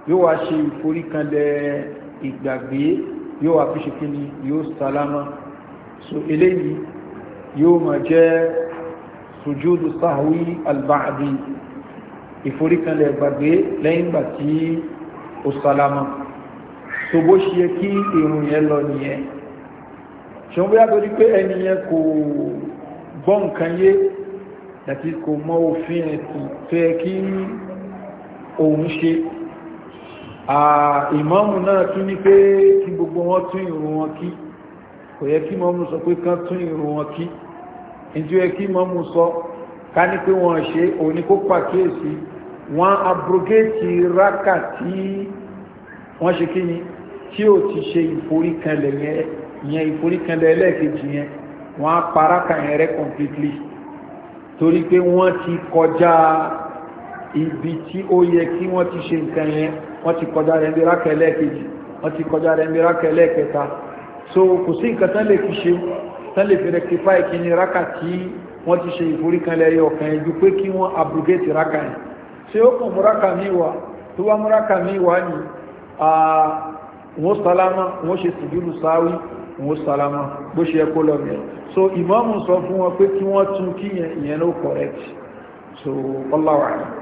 yóò wá ṣe ìforíkanlẹ̀ ìgbàgbé yóò wá fi ṣe kí ni yóò sálámà so eléyìí yóò máa jẹ́ sujúdù sáhúí albáàdì ìforíkanlẹ̀ ìgbàgbé lẹ́yìn ìgbà tí ó sálámà so bó ṣe yẹ kí ìrun yẹn lọ nìyẹn ṣùgbọ́n bóyá tó di pé ẹni yẹn kò gbọ́ nǹkan yé àti kò mọ òfin ẹ̀sìn tó yẹ kí òun ṣe ìmáàmù náà tún ní pé kí gbogbo wọn tún ìrun wọn kí kò yẹ kí mọ́mù sọ pé kán tún ìrun wọn kí ìjú yẹ kí mọ́mù sọ ká ní pé wọ́n ṣe òní kó pàkíyèsí wọ́n abrogéètì rákà tí wọ́n ṣe kí ni tí ó ti ṣe ìforíkanlẹ̀ yẹn ìforíkanlẹ̀ ẹlẹ́ẹ̀kejì yẹn wọ́n á pa rákà yẹn rẹ́ completely torí pé wọ́n ti kọjá ibi tí ó yẹ kí wọ́n ti ṣe nǹkan yẹn wọ́n ti kọjá rẹ̀ níbi rákà wọ́n ti kọjá rẹ̀ níbi rákà so kò sí nǹkan tán lè fi ṣe tán lè fi rectify kí ni rákà tí wọ́n ti ṣe ìforíkanlẹ̀ ẹyọ kan yẹn ju pé kí wọ́n abrogate raka yẹn ṣé ó kàn múrákà míì wá tó wá múrákà míì wá ni wọ́n sálámà wọ́n ṣe sùjúdù sáwí wọ́n sálámà bó ṣe ẹkó lọ mẹ́ so ìmáàmù sọ fún wọn pé kí wọ́n tún kí ìyẹn ló correct so wallahu a'lam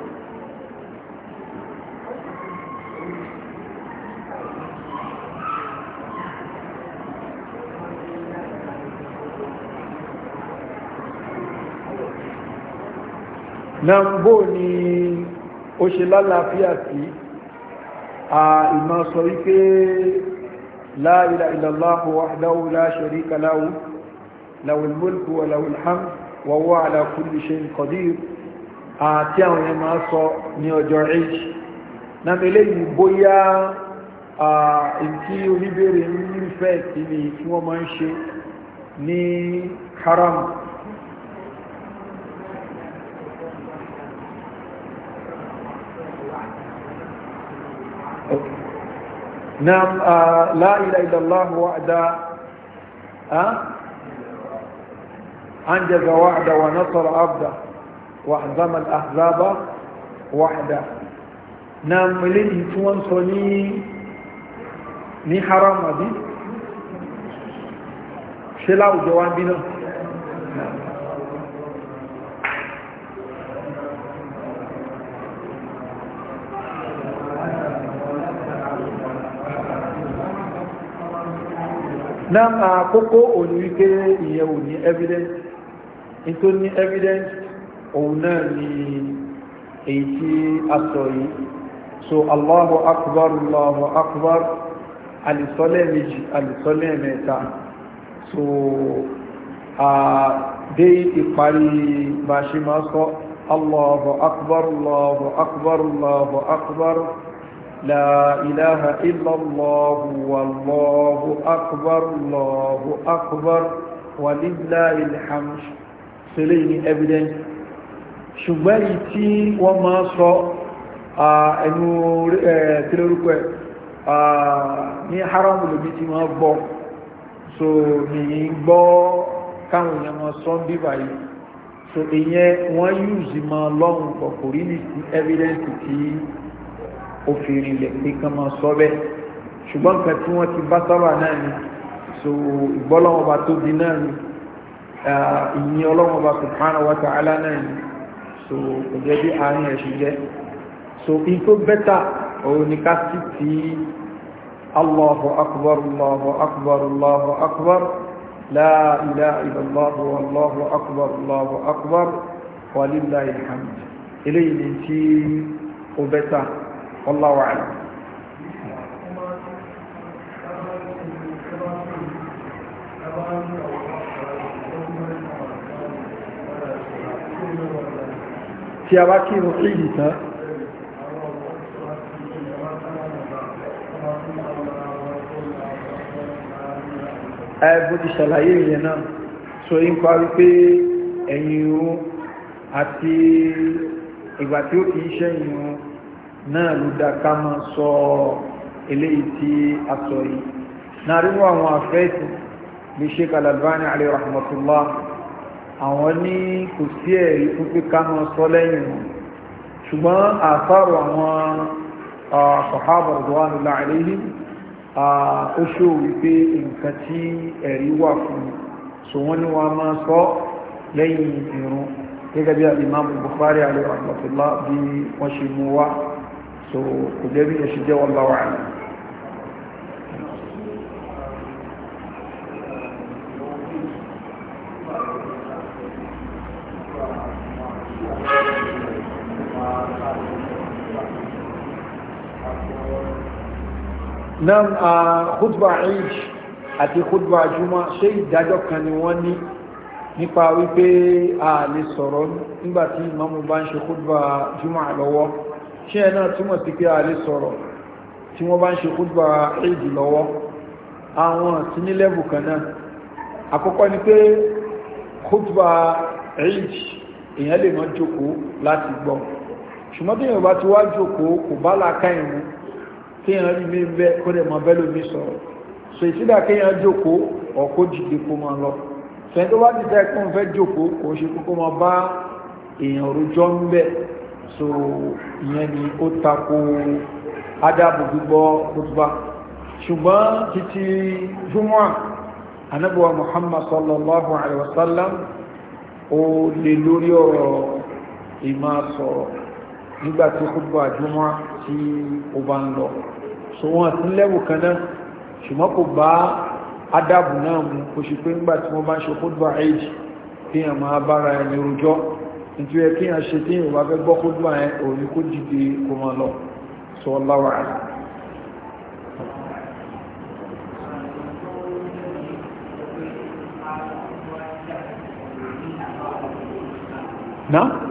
nàmbó ni ó ṣe lálàáfíà sí a ìmọ̀ sọ wípé la ilaha illallah wahdahu la sharika lahu lahul mulku wa lahul hamd wa huwa ala kulli shay'in àti àwọn èèyàn sọ ní ọjọ́ Eid náà eléyìí bóyá ìtí oníbèrè ní نعم آه، لا إله إلا الله وعدا آه؟ أنجز وعدا ونصر عبدا وأعظم الأحزاب وعدا نعم إليه تونسوني صني ني حرام أبي شلاو جوان bí náà àkókò òní wípé ìyẹn ò ní evidence ní tó ní evidence òun náà ni èyí tí a sọ yìí so allahu akbar allahu akbar alisọ́lẹ̀ méjì alisọ́lẹ̀ mẹ́ta so dé ìparí bá ṣe máa sọ allahu akbar allahu akbar allahu akbar, allahu akbar لا إله إلا الله والله أكبر الله أكبر ولله الحمد سليني evidence ṣùgbọ́n yìí tí wọ́n máa sọ ẹnu tírórúkọ ẹ̀ ní haram lóbi tí wọ́n gbọ́ so ní gbọ́ káwọn èèyàn máa sọ ń bíbà yìí so ìyẹn wọ́n yùzì máa lọ́hùn pọ̀ kò rí ní evidence tí ó fi rinlẹ̀ pé kán máa sọ bẹ́ẹ̀ ṣùgbọ́n nǹkan tí wọ́n ti bá sábà náà ni so ìgbọ́lọ́wọ́ba tóbi náà ni ìyìn ọlọ́wọ́ba subhanahu wa ta'ala náà ni so kò jẹ́ bí àárín ẹ̀ ṣe jẹ́ so in tó bẹ́ta òun ni ká sì ti allahu akbar allahu akbar allahu akbar la ilaha illallah akbar allahu akbar walillahi alhamd eléyìí ni tí ó bẹ́ta wallahu a'lam. tí a bá kí irun ìdì tán ẹbú ti ṣàlàyé ìyẹn náà so yí ń pa wípé ẹ̀yìn irun àti ìgbà tí ó kìí ṣẹ́yìn irun náà ló dá ká mọ́ sọ eléyìí tí a sọ yìí náà rí wọn àwọn afẹ́ẹ̀tì bí Sheikh Al-Albani alayhi rahmatullah àwọn ní kò sí ẹ̀rí fún pé ká mọ́ sọ lẹ́yìn wọn ṣùgbọ́n àtàrò àwọn sahaba radwanullahi alayhim ó ṣó wípé nǹkan tí ẹ̀rí wà fún so wọ́n ní wọ́n máa sọ lẹ́yìn ìrun gẹ́gẹ́ bí al-Imam Bukhari alayhi rahmatullah bí wọ́n ṣe mú wá so kò jẹ́ bí yẹn ṣe jẹ́ wọn láwà ní. nam a khutba eid àti khutba juma ṣé ìdájọ́ kan ni wọ́n ní nípa wípé a lè sọ̀rọ̀ nígbàtí imamu bá ń ṣe khutba juma lọ́wọ́ ṣe náà túnmọ̀ sí pé a lè sọ̀rọ̀ tí wọ́n bá ń ṣe kúgbà éèdì lọ́wọ́ àwọn tí ní lẹ́bù kan náà àkọ́kọ́ ni pé kúgbà éèdì èèyàn lè mọ́ jókòó láti gbọ́ ṣùgbọ́n tí èèyàn bá ti wá jókòó kò bá làákà ìmú kí èèyàn rí mi bẹ́ kó dẹ̀ mọ́ bẹ́lú mi sọ̀rọ̀ so ìsídà kí èèyàn jókòó ọ̀kó jìdí kó máa lọ fẹ́ẹ́ bá ti fẹ́ fẹ́ jókòó kò ṣe kókó máa bá èèyàn rojọ́ ń bẹ́ẹ̀ so ìyẹn ni ó tako adábò gbígbọ́ kútùbá ṣùgbọ́n títí júmọ́ anábíwá muhammad sallallahu alaihi wasallam ó lè lórí ọ̀rọ̀ ìmá sọ̀rọ̀ nígbàtí kútùbá júmọ́ tí ó bá ń lọ so wọ́n ti lẹ́wù kan náà ṣùgbọ́n kò bá adábò náà mú kò sì pé nígbàtí wọ́n bá ń ṣe kútùbá aid fi hàn máa ẹni rojọ́ nítorí ẹ kí yàn ṣe tí yàn bá fẹ́ gbọ́ kó dùn àyẹn òní kó dìde kó máa lọ sọ láwà rẹ. Now?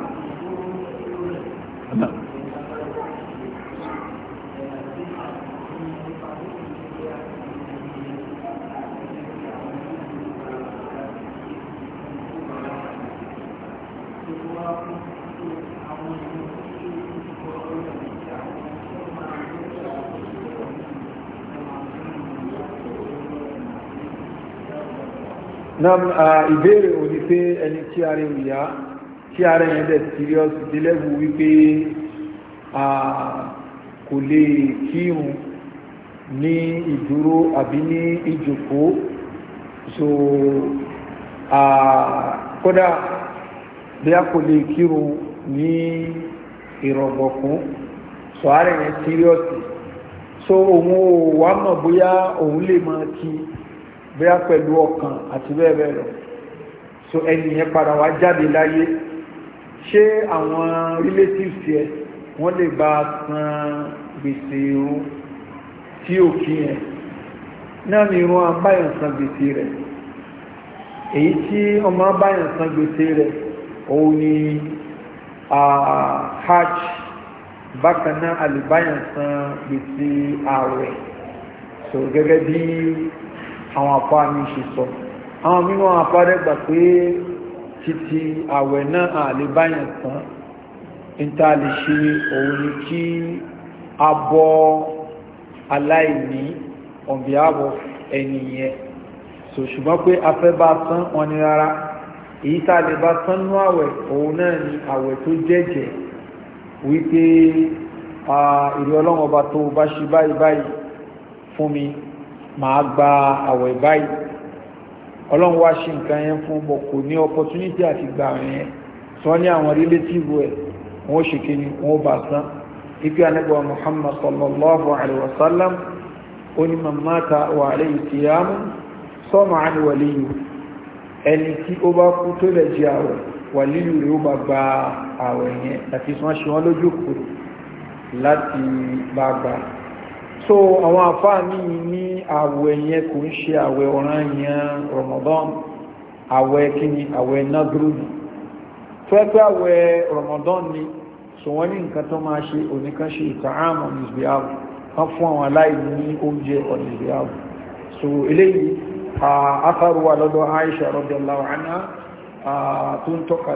ìbéèrè òní pé ẹni tí a rẹ̀ òyà tí a rẹ̀ yẹn dẹ̀ serious délẹ́gùn wípé kò lè kírun ní ìdúró àbí ní ìjòkó so kódà bí a kò lè kírun ní ìrọ̀gbọ̀kún so a rẹ̀ yẹn serious so òun ò wá mọ̀ bóyá òun lè máa kí bóyá pẹ̀lú ọkàn àti bẹ́ẹ̀ bẹ́ẹ̀ lọ so ẹni yẹn padà wá jáde láyé ṣé àwọn relatives yẹ wọ́n lè bá san gbèsè irun tí ò kí yẹn náà ni irun abáyàn san gbèsè rẹ̀ èyí tí ọmọ abáyàn san gbèsè rẹ̀ òun ni hajj bákan náà alìbáyàn san gbèsè ààrẹ so gẹ́gẹ́ bí àwọn apá mi ṣe sọ àwọn mímọ́ apá dẹ́gbà pé títí àwẹ̀ náà à lè tán níta lè ṣe òun ni kí a bọ́ aláìní on behalf of ẹni yẹn so ṣùgbọ́n pé a fẹ́ bá tán wọn ni rárá èyí tá a lè bá tán nú àwẹ̀ òun náà ni àwẹ̀ tó jẹ́jẹ́ wípé ìrì ọlọ́run tó bá ṣe báyìí báyìí fún mi máa gba àwẹ̀ báyìí ọlọ́run wá ṣe nǹkan yẹn fún bọ̀ kò ní opportunity àti gba àwọn yẹn sọ ní àwọn relative ẹ̀ wọ́n ṣe kí ni wọ́n bá san ipe anagba muhammad sallallahu alaihi wasallam ó ní mamata wà alayhi siyamu sọ́mà àni wàlíyù ẹni tí ó bá kú tó lẹ̀ jẹ àwẹ̀ wàlíyù rẹ̀ ó bá gba àwẹ̀ yẹn àti sọ́n ṣe wọ́n lójú kù láti bá gba so àwọn àfáàní ní àwẹ̀ yẹn kò ń ṣe àwẹ̀ ọ̀ranyàn Ramadan àwẹ̀ kíni àwẹ̀ nádúró ni fẹ́fẹ́ àwẹ̀ Ramadan ni so wọ́n ní nǹkan tó máa ṣe oníkan ṣe ìtààm ọ̀nìsbíàbù wọ́n fún àwọn aláìní ní oúnjẹ ọ̀nìsbíàbù so eléyìí àtàrù wà lọ́dọ̀ Aisha radiyallahu anha tó ń tọ́ka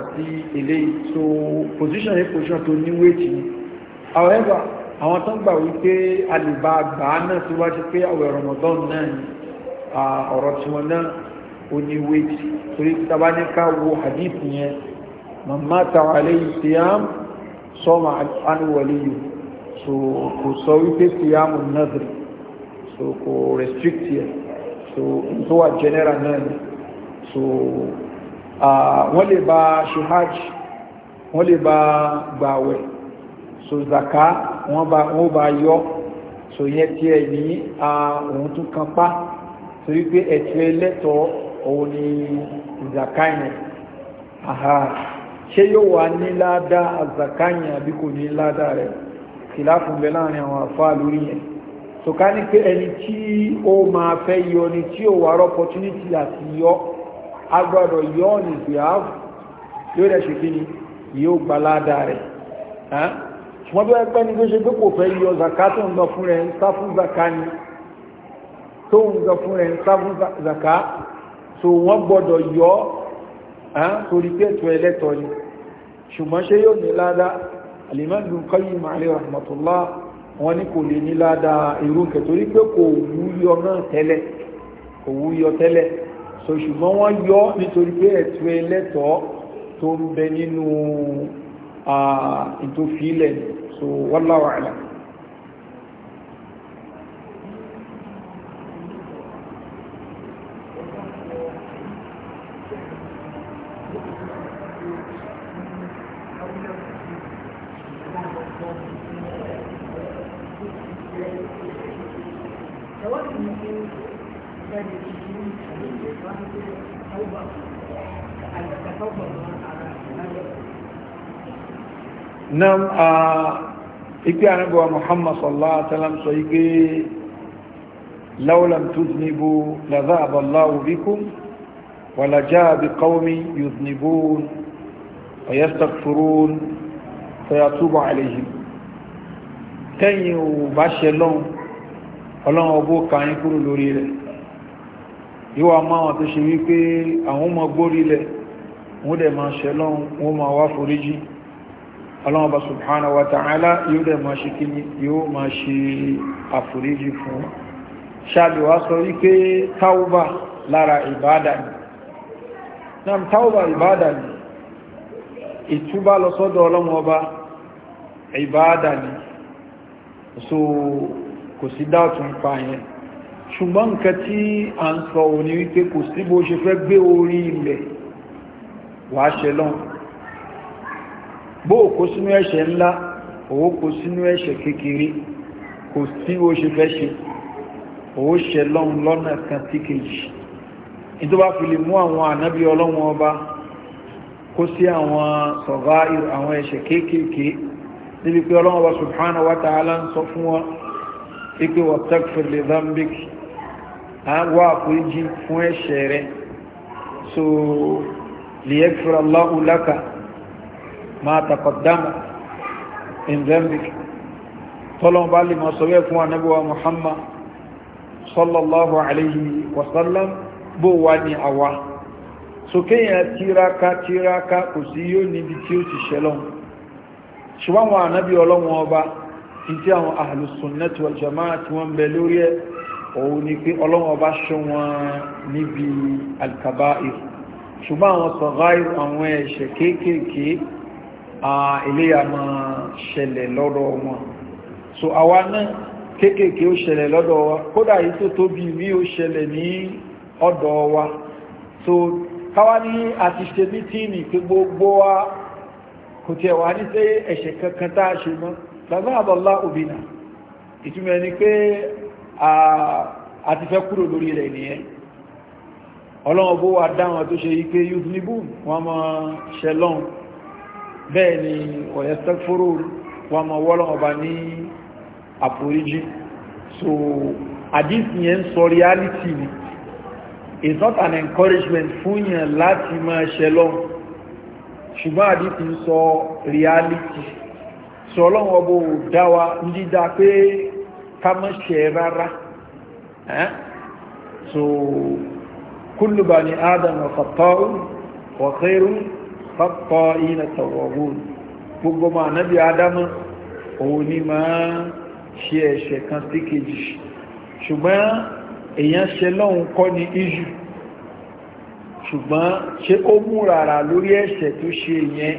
so position yẹn position tó ní however àwọn tó gbà wípé a lè bá náà tó bá ṣe pé àwẹ̀ Ramadan náà ni ọ̀rọ̀ tí wọn náà ó ní wéjì torí tàbá ní ká wo hadith yẹn màmá tàwọn alẹ́ yìí ti á sọ́mà anúwọlé yìí so kò sọ wípé ti á mú nàdìrì so kò restrict yẹ so n tó wà general náà ni so wọ́n lè bá ṣe hajj wọ́n lè bá gbàwẹ̀ so zaka wọ́n bá wọ́n bá yọ so yẹn tí ẹ ní ohun tún kan pa so wípé ẹ̀tọ́ ẹlẹ́tọ̀ òun ni zaka yẹn aha ṣé yóò wà ní ládá zaka yẹn àbí kò ní ládá rẹ̀ kìláàfù bẹ láàrin àwọn àfáà lórí yẹn so ká ní pé ẹni tí ó máa fẹ́ yọ ni tí ó wà opportunity àti yọ agbọ́dọ̀ yọ ní behalf yóò rẹ̀ ṣe kí ni yóò gbaládà rẹ̀ ṣùgbọ́n bí wọ́n pẹ́ ní tó ṣe pé kò fẹ́ yọ zaka tó ń lọ fún rẹ̀ ń sá fún zaka ni tó ń lọ fún rẹ̀ ń sá fún zaka so wọ́n gbọ́dọ̀ yọ ọ́ torí pé ètò ẹlẹ́tọ̀ ni ṣùgbọ́n ṣé yóò ní ládá Al-Imam Ibn Qayyim alayhi rahmatullah kò lè ní ládá irú nǹkan torí pé kò wúyọ náà tẹ́lẹ̀ kò wúyọ tẹ́lẹ̀ ṣùgbọ́n wọ́n yọ nítorí pé ètò ẹlẹ́tọ̀ tó ń bẹ nínú ètò ah, fílẹ̀ so wallahu a'lam nam a ikpe anabuwa muhammad sallallahu alaihi wasallam sọ ike laulam tuznibu la zaaba allahu bikum wala jaa bi qawmi yuznibun wa yastaghfirun fayatubu alayhim tẹ́yìn ò bá ṣe lọ́n ọlọ́run ọgbó kàáyín kúrò lórí rẹ̀ yíò wá máa wọn tó ṣe wípé àwọn ọmọ gbórí lẹ̀ wọ́n dẹ̀ máa ṣe lọ́n wọ́n máa wá foríjì ọlọ́wọ́ba subhanahu wa ta'ala yóò dẹ̀ máa ṣe kí ni yóò máa ṣe àforíjì fún wọn ṣàbíwá sọ wípé tauba lára ìbádà ni náà tauba ìbádà ni ìtúbá lọ sọ́dọ̀ ọlọ́wọ́ba ìbádà ni so kò sí dáàtún pa yẹn ṣùgbọ́n nǹkan tí a ń sọ òní wípé kò sí bó ṣe fẹ́ gbé orí ilẹ̀ wàá ṣe bó o kó sínú ẹ̀ṣẹ̀ ńlá òwò kó sínú ẹ̀ṣẹ̀ kékeré kò sí o ṣe fẹ́ ṣe òwò ṣẹ lọ́hun lọ́nà kan sí kejì nítorí wàá fi lè mú àwọn ànábì ọlọ́wọ́n ọba kó sí àwọn sọ̀gá àwọn ẹ̀ṣẹ̀ kéékèèké níbi pé ọlọ́wọ́n ọba subhanahu wa ta'ala ń sọ fún wọn pípé wastaghfir li dhanbik wá àforíjì fún ẹ̀ṣẹ̀ rẹ̀ so liyagfir Allahu laka máa taqaddama in zambik tọ́lọ́n bá lè máa sọ́wẹ́ fún anábíwa muhammad sallallahu alayhi wa sallam bó wá ní àwa sókèyàn tíraka tíraka kò sí yóò níbi tí ó ti ṣẹlọ́n ṣùgbọ́n àwọn anábí ọlọ́wọ́n ọba tí àwọn ahlu sunnati wal jama'a tí wọ́n bẹ lórí ẹ̀ òun ni pé ọlọ́wọ́n bá ṣe wọn níbi alkaba'ir ṣùgbọ́n àwọn sọ̀gáìr àwọn ẹ̀ṣẹ̀ kéékèèké ilé a máa ṣẹlẹ̀ lọ́dọ̀ wọn so àwa náà kéékèèké ó ṣẹlẹ̀ lọ́dọ̀ wa kódà yìí tó tóbi mí ó ṣẹlẹ̀ ní ọ̀dọ̀ wa so káwa ní àti ṣe mítíìnì pé gbogbo wa kò tiẹ̀ wá ní pé ẹ̀ṣẹ̀ kankan tá a ṣe mọ́ tàbí àbọ̀lá òbínà ìtumọ̀ ni pé a ti fẹ́ kúrò lórí rẹ̀ nìyẹn ọlọ́run bó wa dáhùn tó ṣe yí pé youth nibu wọn máa ṣẹlọ́run bẹ́ẹ̀ ni ọ̀yẹ́sẹ́fóró wọn mọ̀ wọ́lọ́ ọba ní àforíjì so hadith yẹn ń sọ reality ni it's not an encouragement fún yẹn láti máa ṣe lọ́wọ́ ṣùgbọ́n hadith ń sọ reality so ọlọ́wọ́ bó dá wa ń dídá pé ká mọ́ ṣe rárá so kullu bani adam wa khata'u wa khairun pápọ̀ ìyínà tọ̀wọ̀wò gbogbo ma nábi adamu òun ni ma ṣe ẹ̀ṣẹ̀ kan sí kejì ṣùgbọ́n èyàn ṣe lọ́hun kọ́ ni iṣu ṣùgbọ́n ṣe ó mú rárá lórí ẹ̀ṣẹ̀ tó ṣe yẹn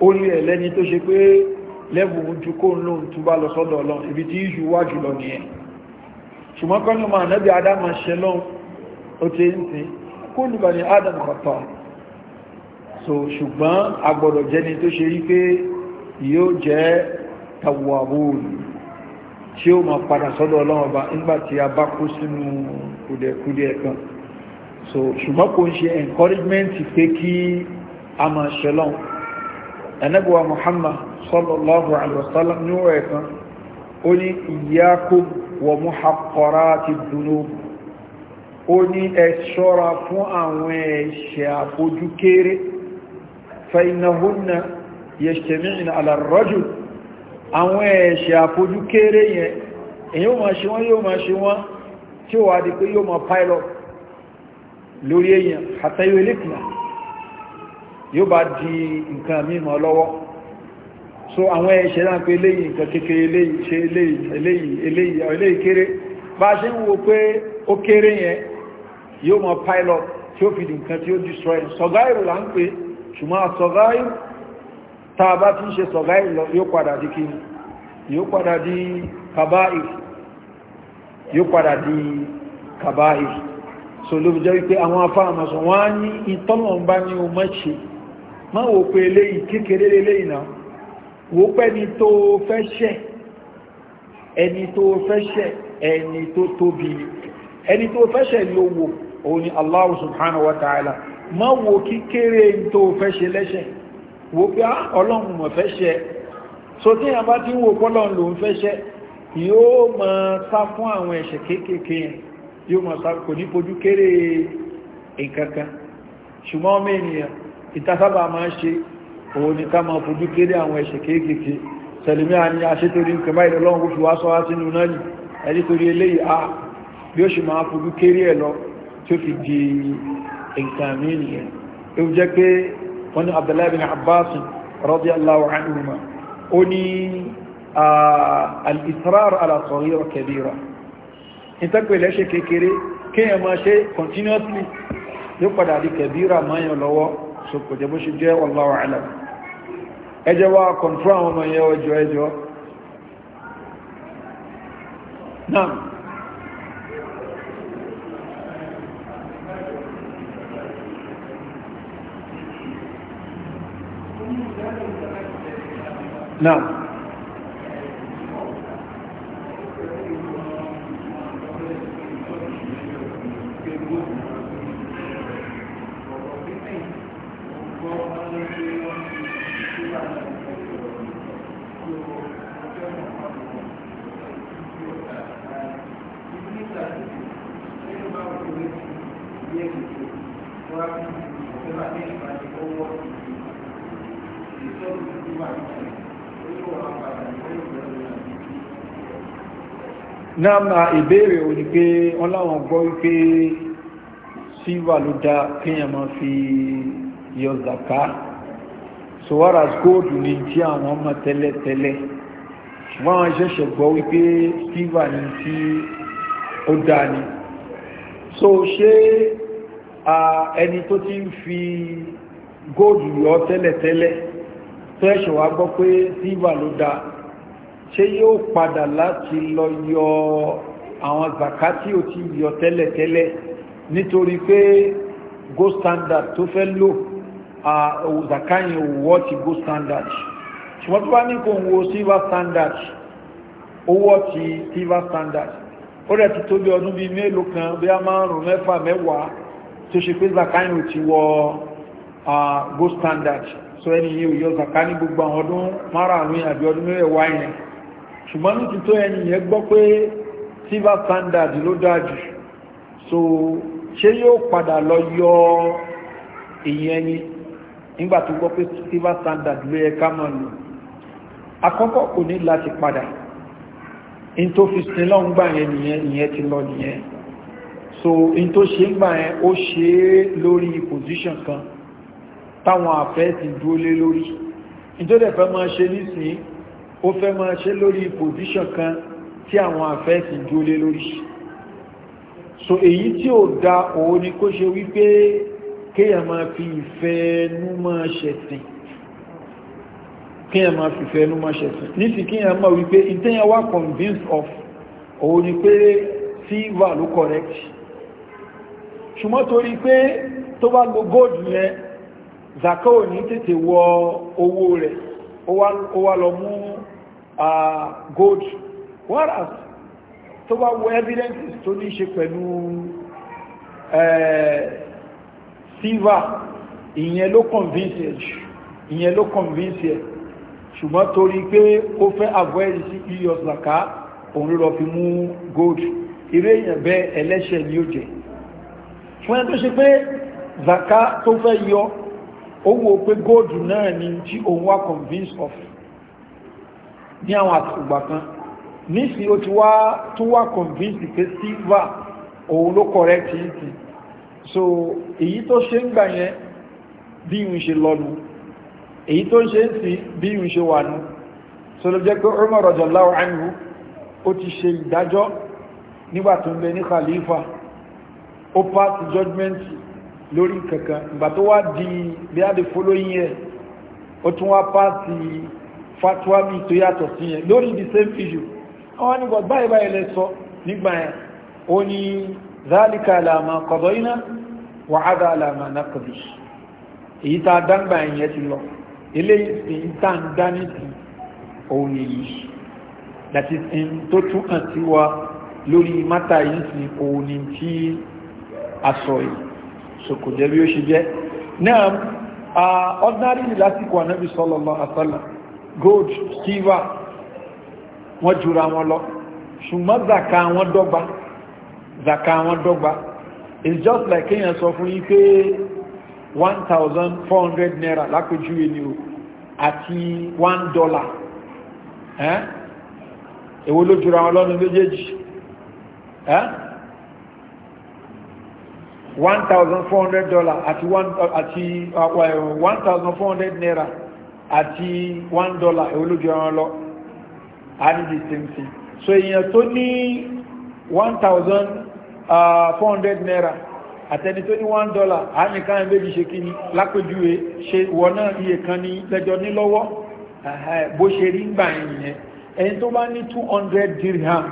ó rí ẹ̀ lẹ́ni tó ṣe pé lẹ́bùn ojú kó ń lóhun tó bá lọ sọ́dọ̀ lọ ibi tí iṣu wá jùlọ nìyẹn ṣùgbọ́n kọ́ ni ma nábi adamu ṣe lọ́hun ó ti ń sìn kó lùbàní adamu kọ̀tọ̀ so ṣùgbọ́n agbọ̀dọ̀ jẹni tó ṣe rí pé yóò jẹ́ tawwabun tí ó ma padà sọ́dọ̀ ọlọ́run ọba nígbàtí a bá kó sínú kùdẹ̀kùdẹ̀ kan so ṣùgbọ́n kò ń ṣe encouragement pé kí a ma ṣẹlọ́n ẹnẹ́bùwa muhammad sallallahu alaihi wasallam ní ọ̀rẹ́ kan ó ní iyyakum wa muhaqqarati dhunub ó ní ẹ ṣọ́ra fún àwọn ẹ̀ṣẹ̀ àfojúkéré فإنهن يجتمعن على الرجل àwọn ẹ̀ṣẹ̀ àfojú kéré yẹn èyí ó máa ṣe wọ́n yóò máa ṣe wọ́n tí wà di pé máa pàílọ̀ lórí èyàn àtẹ́yò elékìlá yóò bá di nǹkan mímọ̀ lọ́wọ́ so àwọn ẹ̀ṣẹ̀ náà pé eléyìí nǹkan kékeré ṣe eléyìí kere wo ṣùgbọ́n àsọ̀gáì tá a bá ti ń ṣe sọ̀gáì lọ yóò padà di kí yóò padà di kàbáì yóò padà di kàbáì so ló fi jẹ́ wípé àwọn afáàmà sọ wọ́n á ní ìtọ́nà ń bá ní o mọ́ ṣe má wò pé eléyìí kékeré eléyìí náà wò pẹ́ ni tó fẹ́ ṣẹ̀ ẹni tó fẹ́ ṣẹ̀ ẹni tó tóbi ẹni tó fẹ́ ṣẹ̀ ni ó wò òun ni Allah subhanahu wa ta'ala ma wo kíkéré tó fẹ́ ṣe lẹ́ṣẹ̀ wo pé á ah, ọlọ́run mọ̀ fẹ́ ṣe so tí a bá ti ń wo pọ́lọ́run ló ń fẹ́ ṣe yóò mọ̀ sá fún àwọn ẹ̀ṣẹ̀ kéékèèké yẹn yóò mọ̀ sá kò ní fojú kéré ìkankan ṣùgbọ́n ọmọ ènìyàn ìtasábà máa ń ṣe òun ni ká máa fojú kéré àwọn ẹ̀ṣẹ̀ kéékèèké tẹ̀lẹ̀mí a ní aṣétorí ń kẹmá ìrẹ̀ fi wá sọ sínú náà yìí ẹni torí eléyìí a bí ó ṣe máa fojú kéré ẹ̀ lọ tí ó fi di nǹkan mi nìyẹn ó jẹ́ pé wọ́n ní abdullahi bin abbas radiyallahu anhuma ó ní al-israr ala saghira kabira ìtàkùnlẹ̀ continuously yóò padà di kẹbíra mayan lọ́wọ́ so kò jẹ bó ṣe jẹ́ wallahu alam No. náà ìbéèrè ò ní pé wọ́n láwọn gbọ́ wípé sílvà ló dá kéèyàn máa fi yọ zaka so whereas góòdù ni tí àwọn ọmọ tẹ́lẹ̀tẹ́lẹ̀ ṣùgbọ́n àwọn ṣẹ̀ṣẹ̀ gbọ́ wípé sílvà ni tí ó dá ni so ṣé ẹni tó ti ń fi góòdù yọ tẹ́lẹ̀tẹ́lẹ̀ tó wá gbọ́ pé sílvà ló dá ṣé yóò padà láti lọ yọ àwọn zaka tí ó ti yọ tẹ́lẹ̀tẹ́lẹ̀ nítorí pé gold standard tó fẹ́ lò zaka yẹn wọ́ ti gold standard ṣùgbọ́n tó bá ní kò ń wo silver standard owó ti silver standard ó rẹ̀ ti tó bí ọdún bíi mélòó kan bí a márùn-ún mẹ́fà mẹ́wàá tó ṣe pé zaka yẹn ti wọ gold standard so ẹni yìí ò yọ zaka ní gbogbo àwọn ọdún márùn-ún àbí ọdún mẹ́wàá yẹn ṣùgbọ́n ní ti tó ẹni yẹn gbọ́ pé silver standard ló dájú so ṣé yóò padà lọ yọ ìyẹn ni nígbà tó gbọ́ pé silver standard ló yẹ ká máa lò àkọ́kọ́ kò ní láti padà in tó fi sin lọ́n gbà yẹn nìyẹn ìyẹn ti lọ nìyẹn so in tó ṣe ń gbà yẹn ó ṣe é lórí position kan táwọn àfẹ́ ti dúró lé lórí in tó dẹ̀ fẹ́ máa ṣe nísìnyí ó fẹ́ máa ṣe lórí pòsíṣàn kan tí àwọn àfẹ́sì jólé lórí so èyí tí ó da òun ni kó ṣe wípé kéèyàn máa fi ìfẹ́ ẹnu máa ṣẹ̀sìn kéèyàn máa fi ìfẹ́ ẹnu máa ṣẹ̀sìn nísì kéèyàn máa wípé ìtẹ́yàn wá convinced of òun ni pé silver ló correct ṣùgbọ́n torí pé tó bá lo gold yẹn zaka ò ní tètè wọ owó rẹ̀ ó wá lọ mú gold whereas tó bá wo evidences tó ní ṣe pẹ̀lú silver ìyẹn ló convince ẹ̀ jù ìyẹn ló convince ẹ̀ ṣùgbọ́n torí pé ó fẹ́ avoid sí iyọ̀ zaka òun lọ fi mú gold eré èèyàn bẹ́ ẹlẹ́ṣẹ̀ ni ó jẹ́ fún ẹ tó ṣe pé zaka tó fẹ́ yọ ó wo pé góòdù náà ni tí òun wá convince of ní àwọn àtìgbà kan nísì ó ti wá tó wá convince pé silver òun ló correct yìí ti so èyí tó ṣe ń gbà yẹn bí ìhun ṣe lọ́nu èyí tó ń ṣe ń sìn bí ìhun ṣe wà nù so ló jẹ́ pé Umar radiyallahu anhu ó ti ṣe ìdájọ́ nígbà tó ń bẹ ní khalifa ó pass judgment lórí kankan ìgbà tó wá di bí a lè following yẹn ó tún wá pàtì fatuwa mi tó yàtọ̀ sí yẹn lórí the same issue àwọn nígbà báyìí báyìí lẹ sọ nígbà yẹn ó ní zálìkà àlàmà kọ̀dọ̀ iná wàhádà àlàmà nàkàdì èyí tá a dáńgbà yẹn ti lọ eléyìí that is in tó tún kàn sí wa lórí mátà yìí tí a sọ yìí so kò jẹ́ bí ó ṣe jẹ́ náà ordinary lásìkò ànábì sallallahu alaihi wasallam gold silver wọ́n jura wọn lọ ṣùgbọ́n zaka wọn dọ́gba zaka wọn dọ́gba it's just like kéèyàn sọ fún yín pé one thousand four hundred naira lápèjúwe ni o àti one dollar èwo ló jura wọn lọ́nu méjèèjì. Eh? one thousand four hundred dollar àti one àti uh, uh, one thousand four hundred naira àti one dollar olójú ẹran lọ a ní the same thing so èèyàn tó ní one thousand uh, four hundred naira àtẹni tó ní one dollar a ní káyọ̀ méjì ṣe kí ni lápèjúwe ṣe ìwọ náà iye kan ní lẹ́jọ́ ní lọ́wọ́ bó ṣe rí ń gbà yẹn ẹni tó bá ní two hundred dirham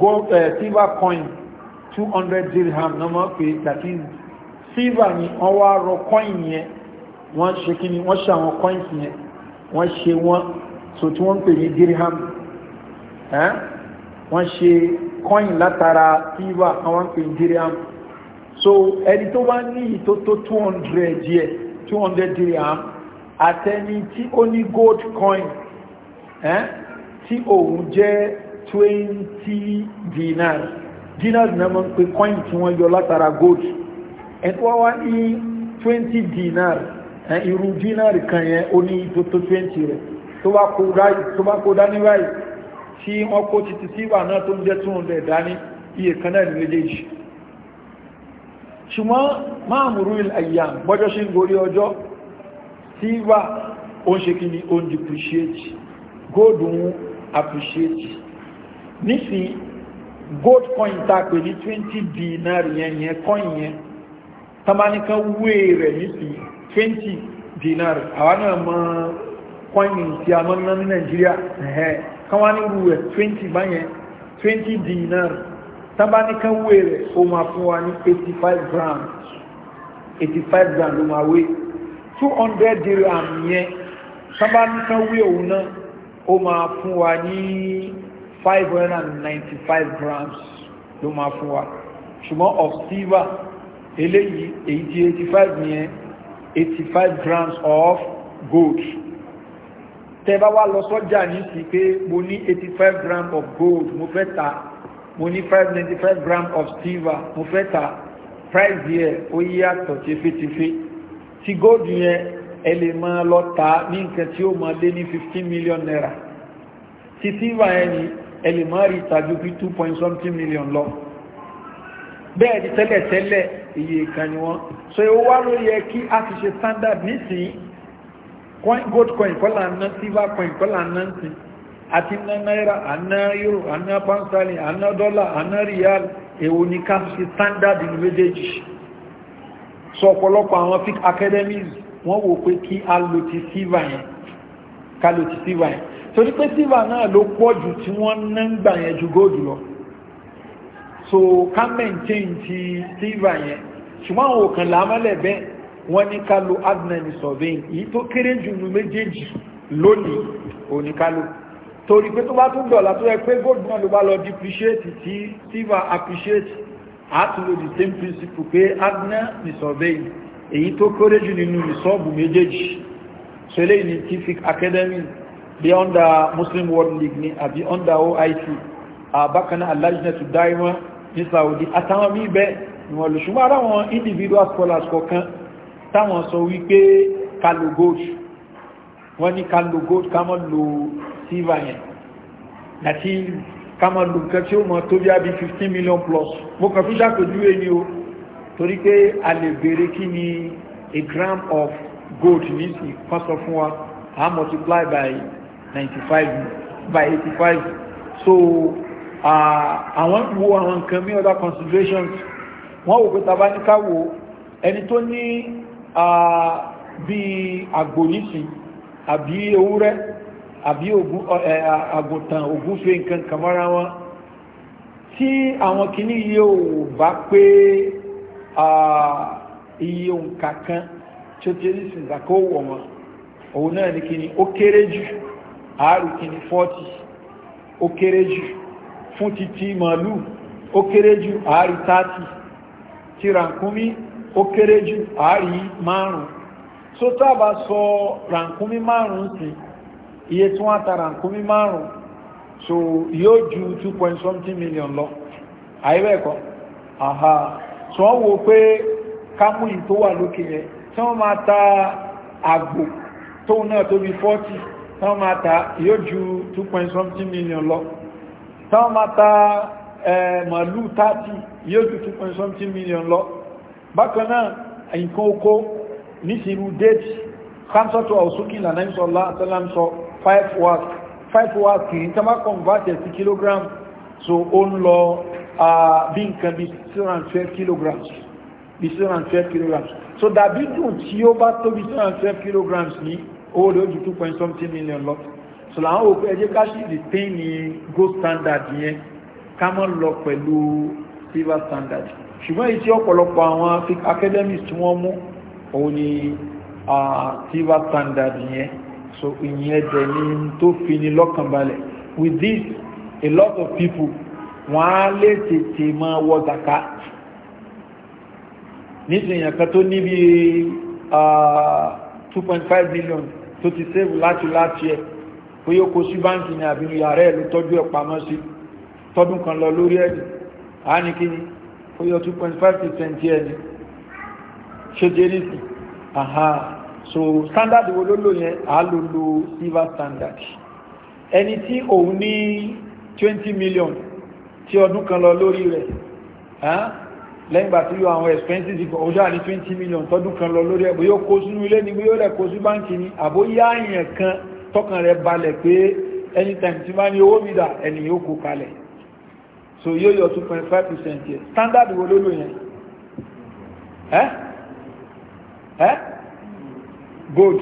gold silver coin 200 dirham náà mọ́ pé that is silver ni wọ́n wá rọ coin yẹn wọ́n ṣe kí ni wọ́n ṣe àwọn coins yẹn wọ́n ṣe wọ́n so tí wọ́n pè ní dirham wọ́n ṣe coin látara silver àwọn ń pè ní dirham so ẹni tó bá ní ìtótó 200 díẹ̀ 200 dirham àtẹni tí ó ní gold coin tí òun jẹ́ 20 dinar dinar náà máa ń pe coin tí wọ́n yọ látara gold ẹni wọ́n wá ní twenty dinar irú dinar kan yẹn ó ní tó twenty rẹ̀ tó bá kó dání báyìí tí wọ́n kó títí síbà náà tó ń jẹ́ two hundred dání iye kan náà ní méjèèjì ṣùgbọ́n máa mú rúil àyà gbọ́jọ́ ṣe ń gorí ọjọ́ tí wà ó ń ṣe kí ni ó ń depreciate góòdù ń appreciate nísìnyí gold coin ta pè ní twenty dinar yẹn yẹn coin yẹn tamanikan wé rẹ̀ nísì twenty dinar àwa náà mọ coin a máa ní nàìjíríà káwá ní ru rẹ̀ twenty bá yẹn twenty dinar tamanikan wee rẹ̀ ó máa fún wa ní eighty five grams eighty five grand ló máa wé two hundred dirham yẹn tamanikan wé òun náà 595 grams ló máa fún wa ṣùgbọ́n of silver eléyìí èyí tí 85 five yẹn eighty grams of gold tẹ́ bá wá lọ sọ́jà ní sí pé mo ní eighty grams of gold mo fẹ́ ta mo ní five grams of silver mo fẹ́ ta price yẹ ó yàtọ̀ tefetefe ti gold yẹn ẹ lè máa lọ ta ní nǹkan tí ó máa lé ní fifteen million naira ti silver yẹn ni ẹlẹ̀mọ́rì tàbí bí 2 point something million lọ bẹ́ẹ̀ di tẹ́lẹ̀ tẹ́lẹ̀ iye kan ni so ó wá ló yẹ kí a ti ṣe standard nísìn coin gold coin kọ́là ná silver coin kọ́là ná sí àti ná náírà àná euro àná pound sterling àná dollar àná real èwo ni ká ṣe standard ní méjèèjì so ọ̀pọ̀lọpọ̀ àwọn fic academies wọ́n wò pé kí a lo ti silver yẹn ká lo ti silver yẹn torí pé sílvà náà ló pọ̀ jù tí wọ́n ná ń gbà yẹn ju góòdù lọ so ká maintain ti sílvà yẹn ṣùgbọ́n àwọn òkàn làmọ́lẹ̀ bẹ́ẹ̀ wọ́n ní ká lo adnan surveying èyí tó kéré jù nù méjèèjì lónìí òní ká lò torí pé tó bá tún dọ̀là tó yẹ pé góòdù náà ló bá lọ depreciate tí sílvà appreciate àtúlò the same principle pé adnan surveying èyí tó kéré jù nínú ìsọ́ọ̀bù méjèèjì ṣẹlẹ̀ ní tific academy bí under muslim world league ni àbí under oic àbákaná alájínẹ̀tù dáímọ́ ní saudi àtàwọn mí bẹ́ẹ̀ ìwọ̀n lè ṣùgbọ́n ara wọn individual scholars kọ̀ọ̀kan táwọn sọ wípé kalo gold wọ́n ní kalo gold ká mọ́ lo silver yẹn àti ká mọ́ lo nǹkan tí ó mọ́ tó bí i 15 million plus mo kàn fi ṣàpèjúwe ni o torí pé a lè béèrè kí ni a gram of gold ní sí kan sọ fún wa a multiply by 95 by 85 so uh, àwọn wo àwọn nǹkan mí other considerations wọ́n wò pé tàbá ní káwò ẹni tó ní uh, bí àgbò nísìn àbí ewúrẹ́ àbí uh, àgùntàn ògúnfe nǹkan kàmọ́ra wọn tí àwọn kìíní yìí ò bá pé iye òǹkà kan tí ó ti rí sìn ìzàkó wọ̀ wọn òun náà ní kìíní ó kéré jù àárùkì ní 40 ó kéré jù fún títí màálù ó kéré jù àárí 30 ti rànkúmí ó kéré jù àárí márùn so tábà sọ rànkúmí márùn sí iye tí wọ́n ta rànkúmí márùn so yóò ju 2 point something million lọ àìbẹ̀ẹ̀kọ́ àhà tí wọ́n wo pé kámúyìn tó wà lókè yẹn tí wọ́n máa ta àgbò tóun náà tóbi 40 tán máa ta yóò ju 2.7 million lọ tán máa ta màálù 30 yóò ju 2.7 million lọ bákan náà nǹkan oko nísìrú déètì kámsọ́tò ọ̀sùnkì lànà ìsọ̀lá àtàlámsọ 5 watt 5 watt kì í tán bá convert sí kilogram so ó ń lọ bí nǹkan bí 612 kilograms bí 612 kilograms so dàbí dùn tí ó bá tó bí 612 kilograms ní owó rẹ̀ ó two point something million lọ so làwọn òkú ẹjẹ́ ká sì lè tẹ́ ní gold standard yẹn ká mọ́ lọ pẹ̀lú silver standard ṣùgbọ́n èyí tí ọ̀pọ̀lọpọ̀ àwọn academies tí wọ́n mú òun ni silver standard yẹn so ìyẹn dẹ̀ ni tó fi ni lọ́kàn with this a lot of people wọ́n á lè tètè máa wọ zaka nítorí èèyàn kan tó ní two point five million tó ti sẹ́wù láti láti ẹ̀ pé ó kó sí báńkì ní àbínú yàrá ẹ̀ ló tọ́jú ẹ̀ pamọ́ sí tọ́dún kan lọ lórí ẹ̀ á ní kí 2.5% ẹ̀ ni ṣe jẹ́rìsì aha so standard wo ló lò yẹn á lò lo silver standard ẹni tí òun ní 20 million tí ọdún kan lọ lórí rẹ̀ lẹ́yìngbà tí yóò àwọn expenses ọjọ́ àní 20 million tọdún kan lọ lórí ẹ̀bọ̀ yóò kó sínú ilé ni bí yóò lẹ̀ kó sí báńkì ni àbó yá àyàn kan tọkàn rẹ̀ balẹ̀ pé anytime tí bá ní owó mi dà ẹni yóò kó kalẹ̀ so yóò yọ 2.5 percent yẹ standard wo ló lò yẹn ẹ́ ẹ́ gold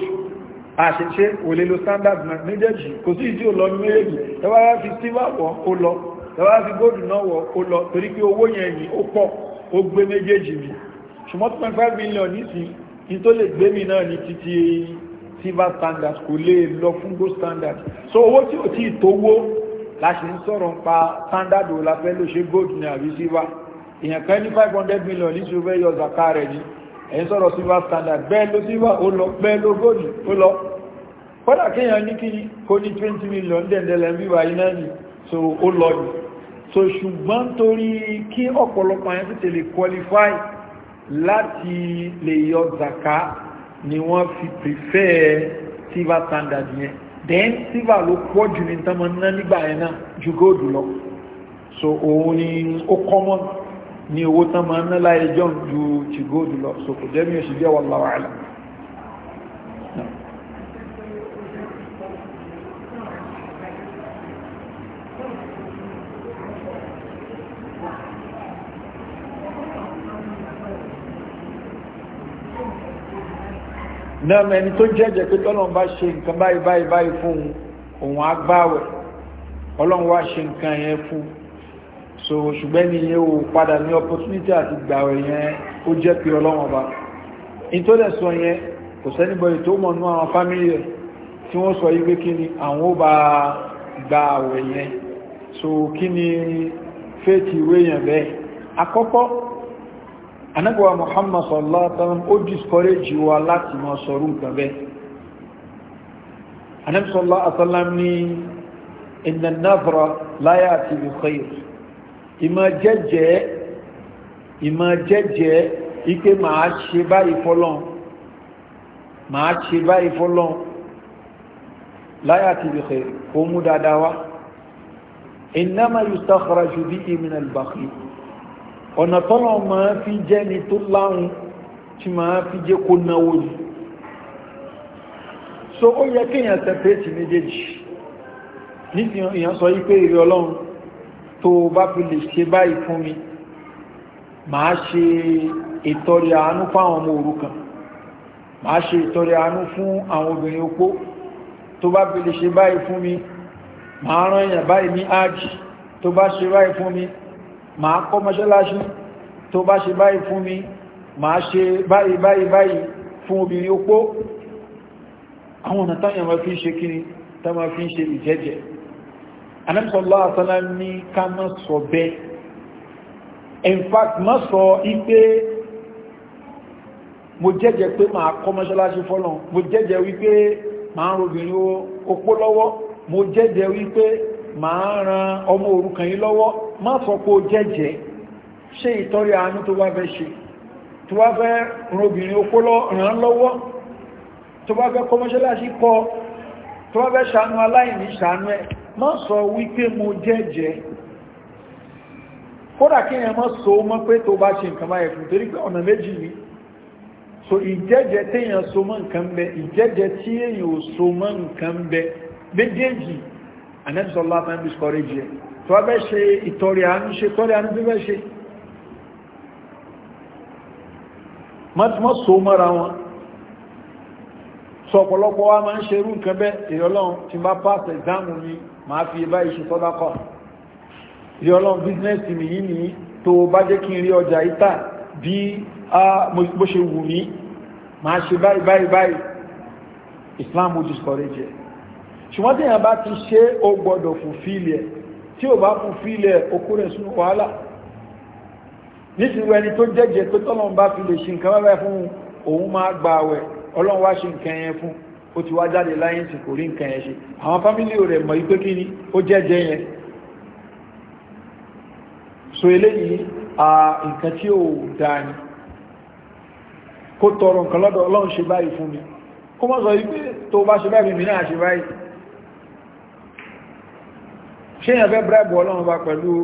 àṣẹṣe òlè lo standard méjèèjì kò sí ìdí òlọ ní méjèèjì ẹ wá fi silver wọ̀ ó lọ ẹ fi gold náà wọ̀ ó lọ torí pé owó yẹn yìí ó pọ̀ ó gbé méjèèjì mi ṣùgbọ́n two point five million nísìn ní tó lè gbé mi náà ní títí silver standard kò lè lọ fún gold standard so owó tí ò tí tówó la ṣe ń sọ̀rọ̀ pa standard ò la fẹ́ ló ṣe gold ní àbí silver èèyàn kan ní five million ní ṣùgbọ́n yọ zaka rẹ̀ ni ẹ̀yìn sọ̀rọ̀ silver standard bẹ́ẹ̀ ló silver ó lọ bẹ́ẹ̀ ló gold ó lọ kódà kéèyàn ní kí kó ní twenty million dẹ̀ndẹ̀lẹ̀ ń bíbá iná ni so ó lọ ni so ṣùgbọ́n torí kí ọ̀pọ̀lọpọ̀ àyẹ́ tètè lè qualify láti lè yọ zaka ni wọ́n fi prefer silver standard yẹn then silver ló pọ̀ jù ní tán máa ń ná nígbà yẹn náà ju gold lọ so òun ni ó common ní owó tán máa ń ná láyé john ju ti gold lọ so kò jẹ́ mi ò sì jẹ́ wallahu náà mẹni tó jẹ́jẹ́ pé tọ́lọ́n bá ṣe nǹkan báyìí báyìí báyìí fún òun agbáwẹ̀ ọlọ́run wá ṣe nǹkan yẹn fún so ṣùgbẹ́ ni yẹn o padà ní opportunity àti gbàwẹ̀ yẹn ó jẹ́ pé ọlọ́run ọba in tó dẹ̀ sọ yẹn kò sẹ́nibọ̀dì tó mọ̀ nú àwọn fámílì rẹ̀ tí wọ́n sọ yìí pé kí ni àwọn ó bá gbàwẹ̀ yẹn so kí ni fẹ́ẹ̀tì ìwé yẹn bẹ́ẹ̀ àkọ́kọ́ anábọ̀wà muhammad sallallahu alaihi wasallam ó discourage wa láti mọ sọ̀rọ̀ nǹkan bẹ́ẹ̀ anábọ̀ sallallahu alaihi wasallam ní inna an-nadhra la ya'ti bi khair ìmọ̀ jẹ́jẹ́ ìmọ̀ jẹ́jẹ́ ike màá ṣe báyìí fọlọ́n màá ṣe báyìí fọlọ́n la ya'ti bi khair kò mú dáadáa wá innama yustakhraju bihi min al-bakhil ọ̀nà tọ́lọ̀ máa fi jẹ́ ni tó láhun tí máa fi jẹ́ kó náwó jù so ó yẹ kéèyàn separate méjèèjì nísìnyàn èèyàn sọ wípé èrè ọlọ́run tó bá fi lè ṣe báyìí fún mi màá ṣe ìtọrẹ àánú fáwọn ọmọ òrukàn màá ṣe ìtọrẹ àánú fún àwọn obìnrin opó tó bá fi lè ṣe báyìí fún mi màá rán èèyàn báyìí ní ájì tó bá ṣe báyìí fún mi máa kọ́ mọ́ṣáláṣí tó bá ṣe báyìí fún mi máa ṣe báyìí báyìí báyìí fún obìnrin opó àwọn ọ̀nà táyà máa fi ń ṣe kíni tá máa fi ṣe ìjẹ́jẹ́ anamsọ̀lá àtàlá ní ká má sọ bẹ́ẹ̀ in fact má sọ ipé mo jẹ́jẹ́ pé máa kọ́ mọ́ṣáláṣí fọ́lọ́n mo jẹ́jẹ́ wípé máa ń robìnrin opó lọ́wọ́ mo jẹ́jẹ́ wípé máa ran ọmọ òrukàn yìí lọ́wọ́ má sọ pé ó jẹ́jẹ́ ṣe ìtọ́rẹ àánú tó bá fẹ́ ṣe tó bá fẹ́ ran obìnrin okó ràn lọ́wọ́ tó bá fẹ́ kọ́ mọ́ṣáláṣí kọ́ tó bá fẹ́ ṣàánú aláìní ṣàánú ẹ̀ má sọ wípé mo jẹ́jẹ́ kódà kí ẹ má so mọ́ pé tó bá ṣe nǹkan báyẹ̀ fún torí pé ọ̀nà méjì ni so ìjẹ́jẹ́ téèyàn so mọ́ nǹkan bẹ ìjẹ́jẹ́ tí èèyàn ò so mọ́ nǹkan bẹ méjèèjì anẹ́bìsọ́lá máa ń discourage ẹ̀ tó wá bẹ́ ṣe ìtọrẹ àánú ṣe tọrẹ àánú bí bẹ́ ṣe mọ́ so mọ́ra wọn sọ ọ̀pọ̀lọpọ̀ wa máa ń ṣe irú nǹkan bẹ́ ìrọlọ́run tí bá pass exam mi máa fi bá iṣu sọ́dákọ̀ ìrọlọ́run business mi yìí ni tó bá jẹ́ kí n rí ọjà ìta bí bó ṣe wù mí máa ṣe báyìí báyìí Islam ó discourage ẹ̀ ṣùgbọ́n tí èèyàn bá ti ṣe ó gbọ́dọ̀ fùfílẹ̀ tí ò bá fùfílẹ̀ okú rẹ̀ sínú wàhálà nísìnyí ẹni tó jẹ́jẹ́ pé tọ́lọ́n bá fi lè ṣe nǹkan wẹ́wẹ́ fún òun máa gba àwẹ̀ ọlọ́run wá ṣe nǹkan yẹn fún ó ti wá jáde láyé kò rí nǹkan yẹn ṣe àwọn fámílì rẹ̀ mọ̀ yí pé kí ni ó jẹ́jẹ́ yẹn so eléyìí a nǹkan tí ó dáa ni kó tọrọ nǹkan lọ́dọ̀ ọlọ́run ṣe báyìí fún mi kó mọ̀ sọ yí pé tó bá ṣe báyìí mi náà ṣe báyìí ṣe yẹn fẹ́ bẹ́ẹ̀bù ọlọ́run bá pẹ̀lú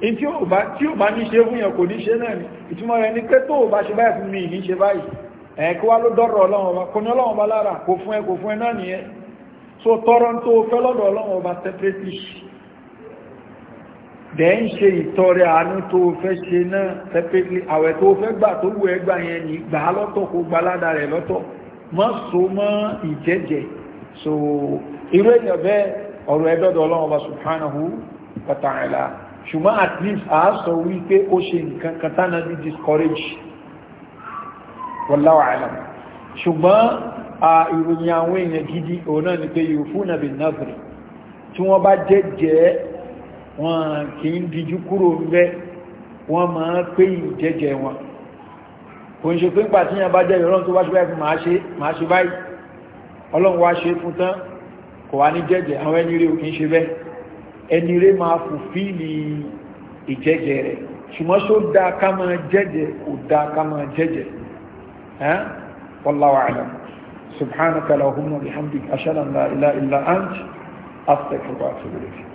tí ó bá ní ṣe fún yẹn kò ní ṣe náà ni ìtumọ̀ rẹ̀ ní pé tó bá ṣe báyìí fún mi ní ṣe báyìí ẹ̀kọ́ wá ló dọ́rọ̀ ọlọ́run bá kò ní ọlọ́run bá lára kò fún ẹ kò fún ẹ náà nìyẹn so tọrọ tó fẹ́ lọ́dọ̀ ọlọ́run bá irú èèyàn bẹ́ẹ̀ ọ̀rọ̀ ẹ̀dọ́dọ̀ ọlọ́run ọba subhanahu wa ta'ala ṣùgbọ́n at least a sọ wípé ó ṣe nǹkan kan tánà bí discourage wallahu alam ṣùgbọ́n a ìròyìn àwọn èèyàn gidi òun náà ni pé yóò fún nàbì nàbìrì tí wọ́n bá jẹ́jẹ́ wọn kì í dijú kúrò ńbẹ́ wọ́n máa pé ìjẹ́jẹ́ wọn kò ń ṣe pé ń pàtíyàn bá jẹ́ ìrọ́n tó wá ṣe báyìí ọlọ́run wá ṣe fún tán kò wá ní jẹ́jẹ́ àwọn ẹni rí òkè ń ṣe bẹ́ẹ̀ ẹni rí máa fùfíìlì ìjẹ́jẹ́ rẹ̀ ṣùgbọ́n ṣó dáa ká máa jẹ́jẹ́ kò dáa ká máa jẹ́jẹ́ wallahu a'lam subhanaka lahumma bihamdik ashhadu an la ilaha illa wa atubu